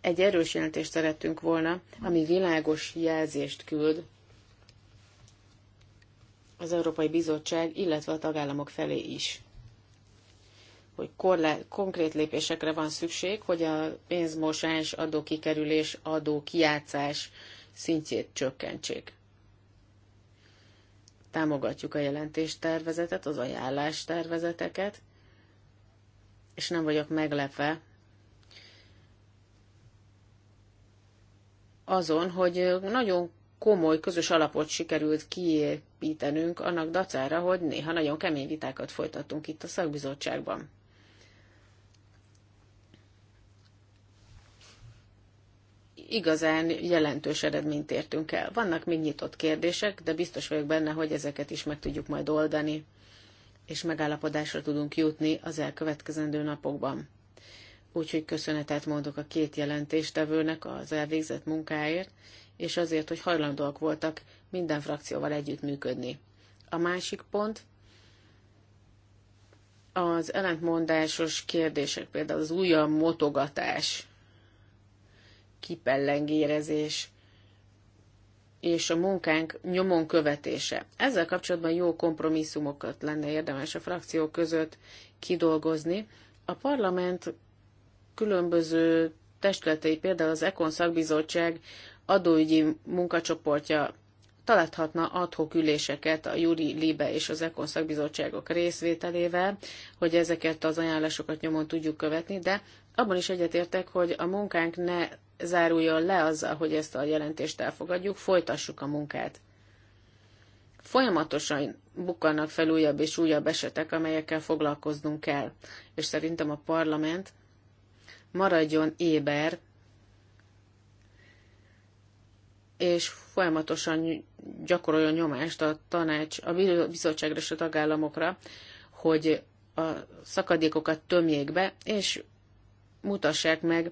egy erős jelentést szerettünk volna, ami világos jelzést küld az Európai Bizottság, illetve a tagállamok felé is. Hogy korle- konkrét lépésekre van szükség, hogy a pénzmosás, adókikerülés, adókiátszás szintjét csökkentsék. Támogatjuk a jelentéstervezetet, az ajánlás tervezeteket, és nem vagyok meglepve, azon, hogy nagyon komoly közös alapot sikerült ki építenünk annak dacára, hogy néha nagyon kemény vitákat folytattunk itt a szakbizottságban. Igazán jelentős eredményt értünk el. Vannak még nyitott kérdések, de biztos vagyok benne, hogy ezeket is meg tudjuk majd oldani, és megállapodásra tudunk jutni az elkövetkezendő napokban. Úgyhogy köszönetet mondok a két jelentéstevőnek az elvégzett munkáért, és azért, hogy hajlandóak voltak minden frakcióval együttműködni. A másik pont az ellentmondásos kérdések, például az újabb motogatás, kipellengérezés, és a munkánk nyomon követése. Ezzel kapcsolatban jó kompromisszumokat lenne érdemes a frakciók között kidolgozni. A parlament különböző testületei, például az Ekon szakbizottság adóügyi munkacsoportja találhatna adhok üléseket a Juri Libe és az Ekon szakbizottságok részvételével, hogy ezeket az ajánlásokat nyomon tudjuk követni, de abban is egyetértek, hogy a munkánk ne záruljon le azzal, hogy ezt a jelentést elfogadjuk, folytassuk a munkát. Folyamatosan bukkannak fel újabb és újabb esetek, amelyekkel foglalkoznunk kell, és szerintem a parlament maradjon éber és folyamatosan gyakoroljon nyomást a tanács, a bizottságra és a tagállamokra, hogy a szakadékokat tömjék be, és mutassák meg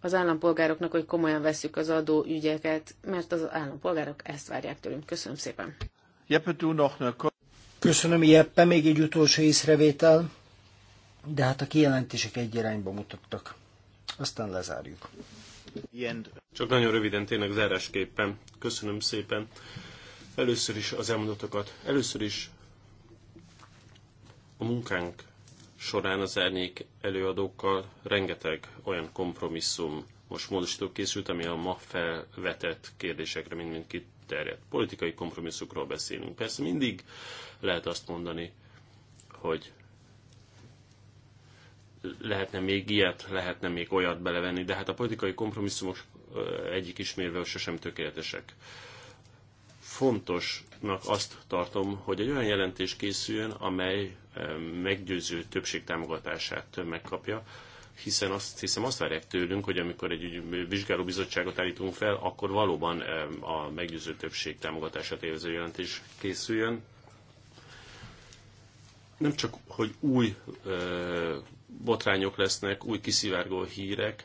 az állampolgároknak, hogy komolyan veszük az adóügyeket, mert az állampolgárok ezt várják tőlünk. Köszönöm szépen. Köszönöm, Jeppe, még egy utolsó észrevétel, de hát a kijelentések egy irányba mutattak. Aztán lezárjuk. Csak nagyon röviden, tényleg zárásképpen. Köszönöm szépen. Először is az elmondottakat. Először is a munkánk során az árnyék előadókkal rengeteg olyan kompromisszum most módosító készült, ami a ma felvetett kérdésekre mind-mind kiterjedt. Politikai kompromisszukról beszélünk. Persze mindig lehet azt mondani, hogy lehetne még ilyet, lehetne még olyat belevenni, de hát a politikai kompromisszumok egyik ismérve sosem tökéletesek. Fontosnak azt tartom, hogy egy olyan jelentés készüljön, amely meggyőző többség támogatását megkapja, hiszen azt hiszem azt várják tőlünk, hogy amikor egy vizsgálóbizottságot állítunk fel, akkor valóban a meggyőző többség támogatását élvező jelentés készüljön. Nem csak, hogy új botrányok lesznek, új kiszivárgó hírek,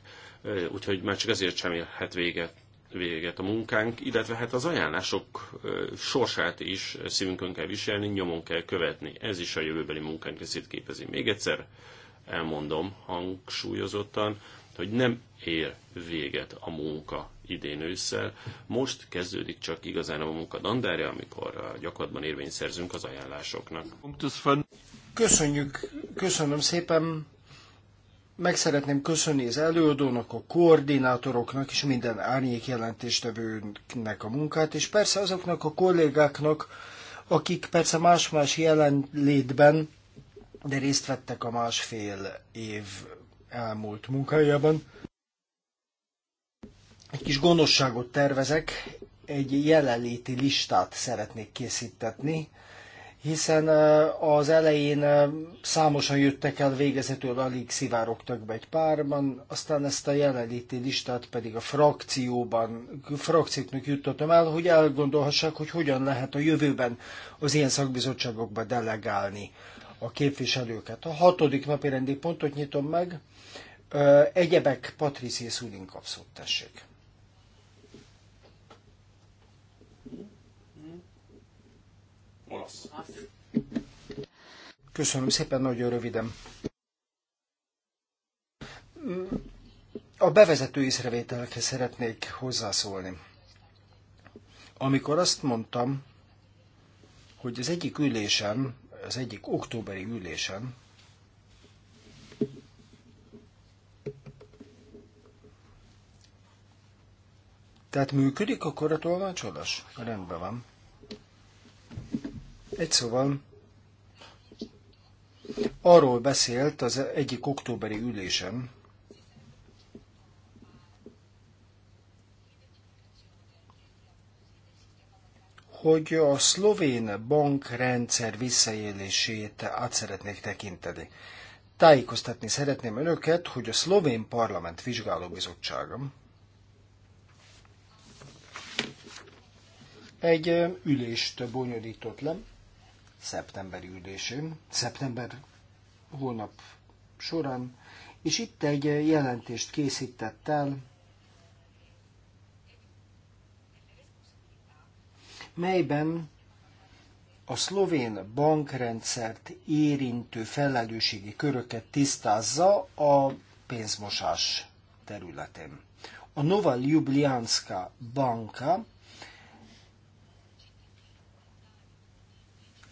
úgyhogy már csak ezért sem érhet véget véget a munkánk, illetve hát az ajánlások sorsát is szívünkön kell viselni, nyomon kell követni. Ez is a jövőbeli munkánk részét képezi. Még egyszer elmondom hangsúlyozottan, hogy nem ér véget a munka idén ősszel. Most kezdődik csak igazán a munka dandárja, amikor gyakorlatban érvényt szerzünk az ajánlásoknak. Köszönjük, köszönöm szépen meg szeretném köszönni az előadónak, a koordinátoroknak és minden árnyék jelentéstevőnek a munkát, és persze azoknak a kollégáknak, akik persze más-más jelenlétben, de részt vettek a másfél év elmúlt munkájában. Egy kis gonoszságot tervezek, egy jelenléti listát szeretnék készítetni, hiszen az elején számosan jöttek el, végezetül alig szivárogtak be egy párban, aztán ezt a jelenléti listát pedig a frakcióban, frakcióknak juttatom el, hogy elgondolhassák, hogy hogyan lehet a jövőben az ilyen szakbizottságokba delegálni a képviselőket. A hatodik napi rendi pontot nyitom meg, egyebek Patricia és kapszott, tessék. olasz. Köszönöm szépen, nagyon röviden. A bevezető észrevételekhez szeretnék hozzászólni. Amikor azt mondtam, hogy az egyik ülésen, az egyik októberi ülésen, tehát működik akkor a tolmácsolás? Rendben van. Egy szóval arról beszélt az egyik októberi ülésen, hogy a szlovén bankrendszer visszaélését át szeretnék tekinteni. Tájékoztatni szeretném önöket, hogy a szlovén parlament vizsgáló bizottságom egy ülést bonyolított le, szeptemberi ülésén, szeptember hónap során, és itt egy jelentést készített el, melyben a szlovén bankrendszert érintő felelősségi köröket tisztázza a pénzmosás területén. A Nova Ljubljanska banka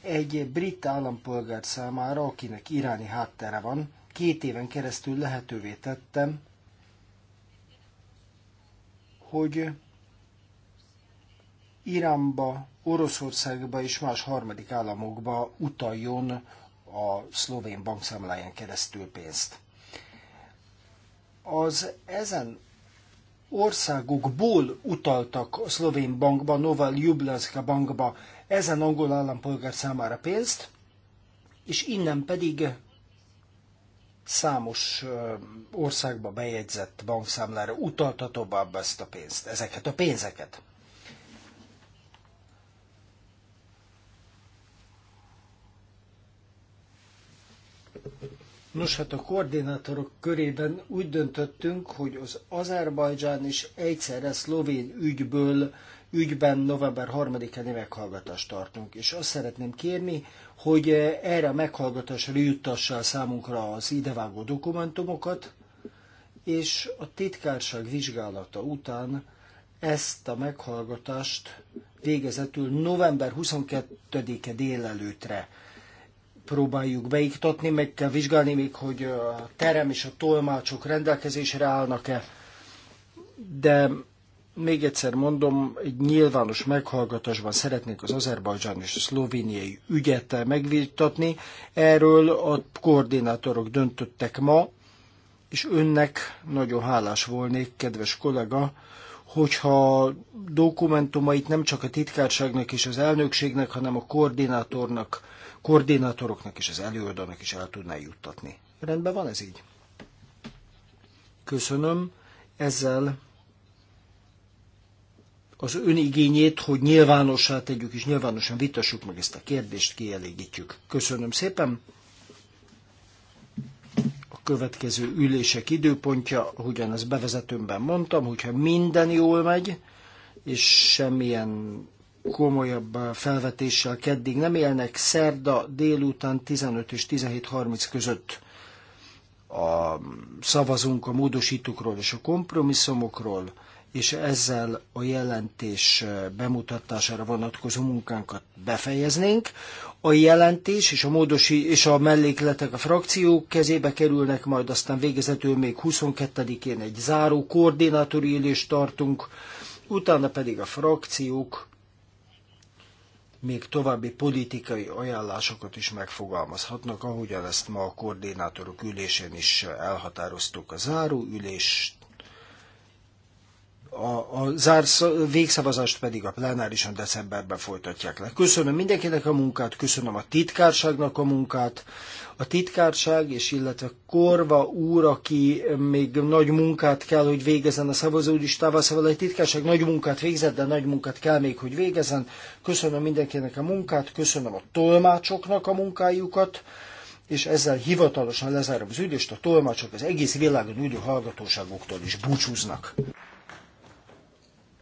egy brit állampolgár számára, akinek iráni háttere van, két éven keresztül lehetővé tettem, hogy Iránba, Oroszországba és más harmadik államokba utaljon a szlovén bankszámláján keresztül pénzt. Az ezen országokból utaltak a szlovén bankba, Novel Jublanska bankba ezen angol állampolgár számára pénzt, és innen pedig számos országba bejegyzett bankszámlára utalta tovább ezt a pénzt, ezeket a pénzeket. Nos, hát a koordinátorok körében úgy döntöttünk, hogy az Azerbajdzsán és egyszerre szlovén ügyből ügyben november 3-án meghallgatást tartunk, és azt szeretném kérni, hogy eh, erre a meghallgatásra juttassa számunkra az idevágó dokumentumokat, és a titkárság vizsgálata után ezt a meghallgatást végezetül november 22-e délelőtre próbáljuk beiktatni, meg kell vizsgálni még, hogy a terem és a tolmácsok rendelkezésre állnak-e, de még egyszer mondom, egy nyilvános meghallgatásban szeretnék az azerbajdzsán és a szlovéniai ügyet megvitatni. Erről a koordinátorok döntöttek ma, és önnek nagyon hálás volnék, kedves kollega, hogyha dokumentumait nem csak a titkárságnak és az elnökségnek, hanem a koordinátornak, koordinátoroknak és az előadónak is el tudná juttatni. Rendben van ez így? Köszönöm. Ezzel az önigényét, hogy nyilvánossá tegyük és nyilvánosan vitassuk meg ezt a kérdést, kielégítjük. Köszönöm szépen! A következő ülések időpontja, ahogyan ezt bevezetőmben mondtam, hogyha minden jól megy, és semmilyen komolyabb felvetéssel keddig nem élnek, szerda délután 15 és 17.30 között a, szavazunk a módosítókról és a kompromisszumokról, és ezzel a jelentés bemutatására vonatkozó munkánkat befejeznénk. A jelentés és a módosi és a mellékletek a frakciók kezébe kerülnek, majd aztán végezetül még 22-én egy záró koordinátori élést tartunk, utána pedig a frakciók még további politikai ajánlásokat is megfogalmazhatnak, ahogyan ezt ma a koordinátorok ülésén is elhatároztuk. A záró ülést a, a zársz, végszavazást pedig a plenárison decemberben folytatják le. Köszönöm mindenkinek a munkát, köszönöm a titkárságnak a munkát, a titkárság, és illetve Korva úr, aki még nagy munkát kell, hogy végezzen a szavazódistával, szóval egy titkárság nagy munkát végzett, de nagy munkát kell még, hogy végezzen. Köszönöm mindenkinek a munkát, köszönöm a tolmácsoknak a munkájukat, és ezzel hivatalosan lezárom az ügyést, a tolmácsok az egész világon ülő hallgatóságoktól is búcsúznak.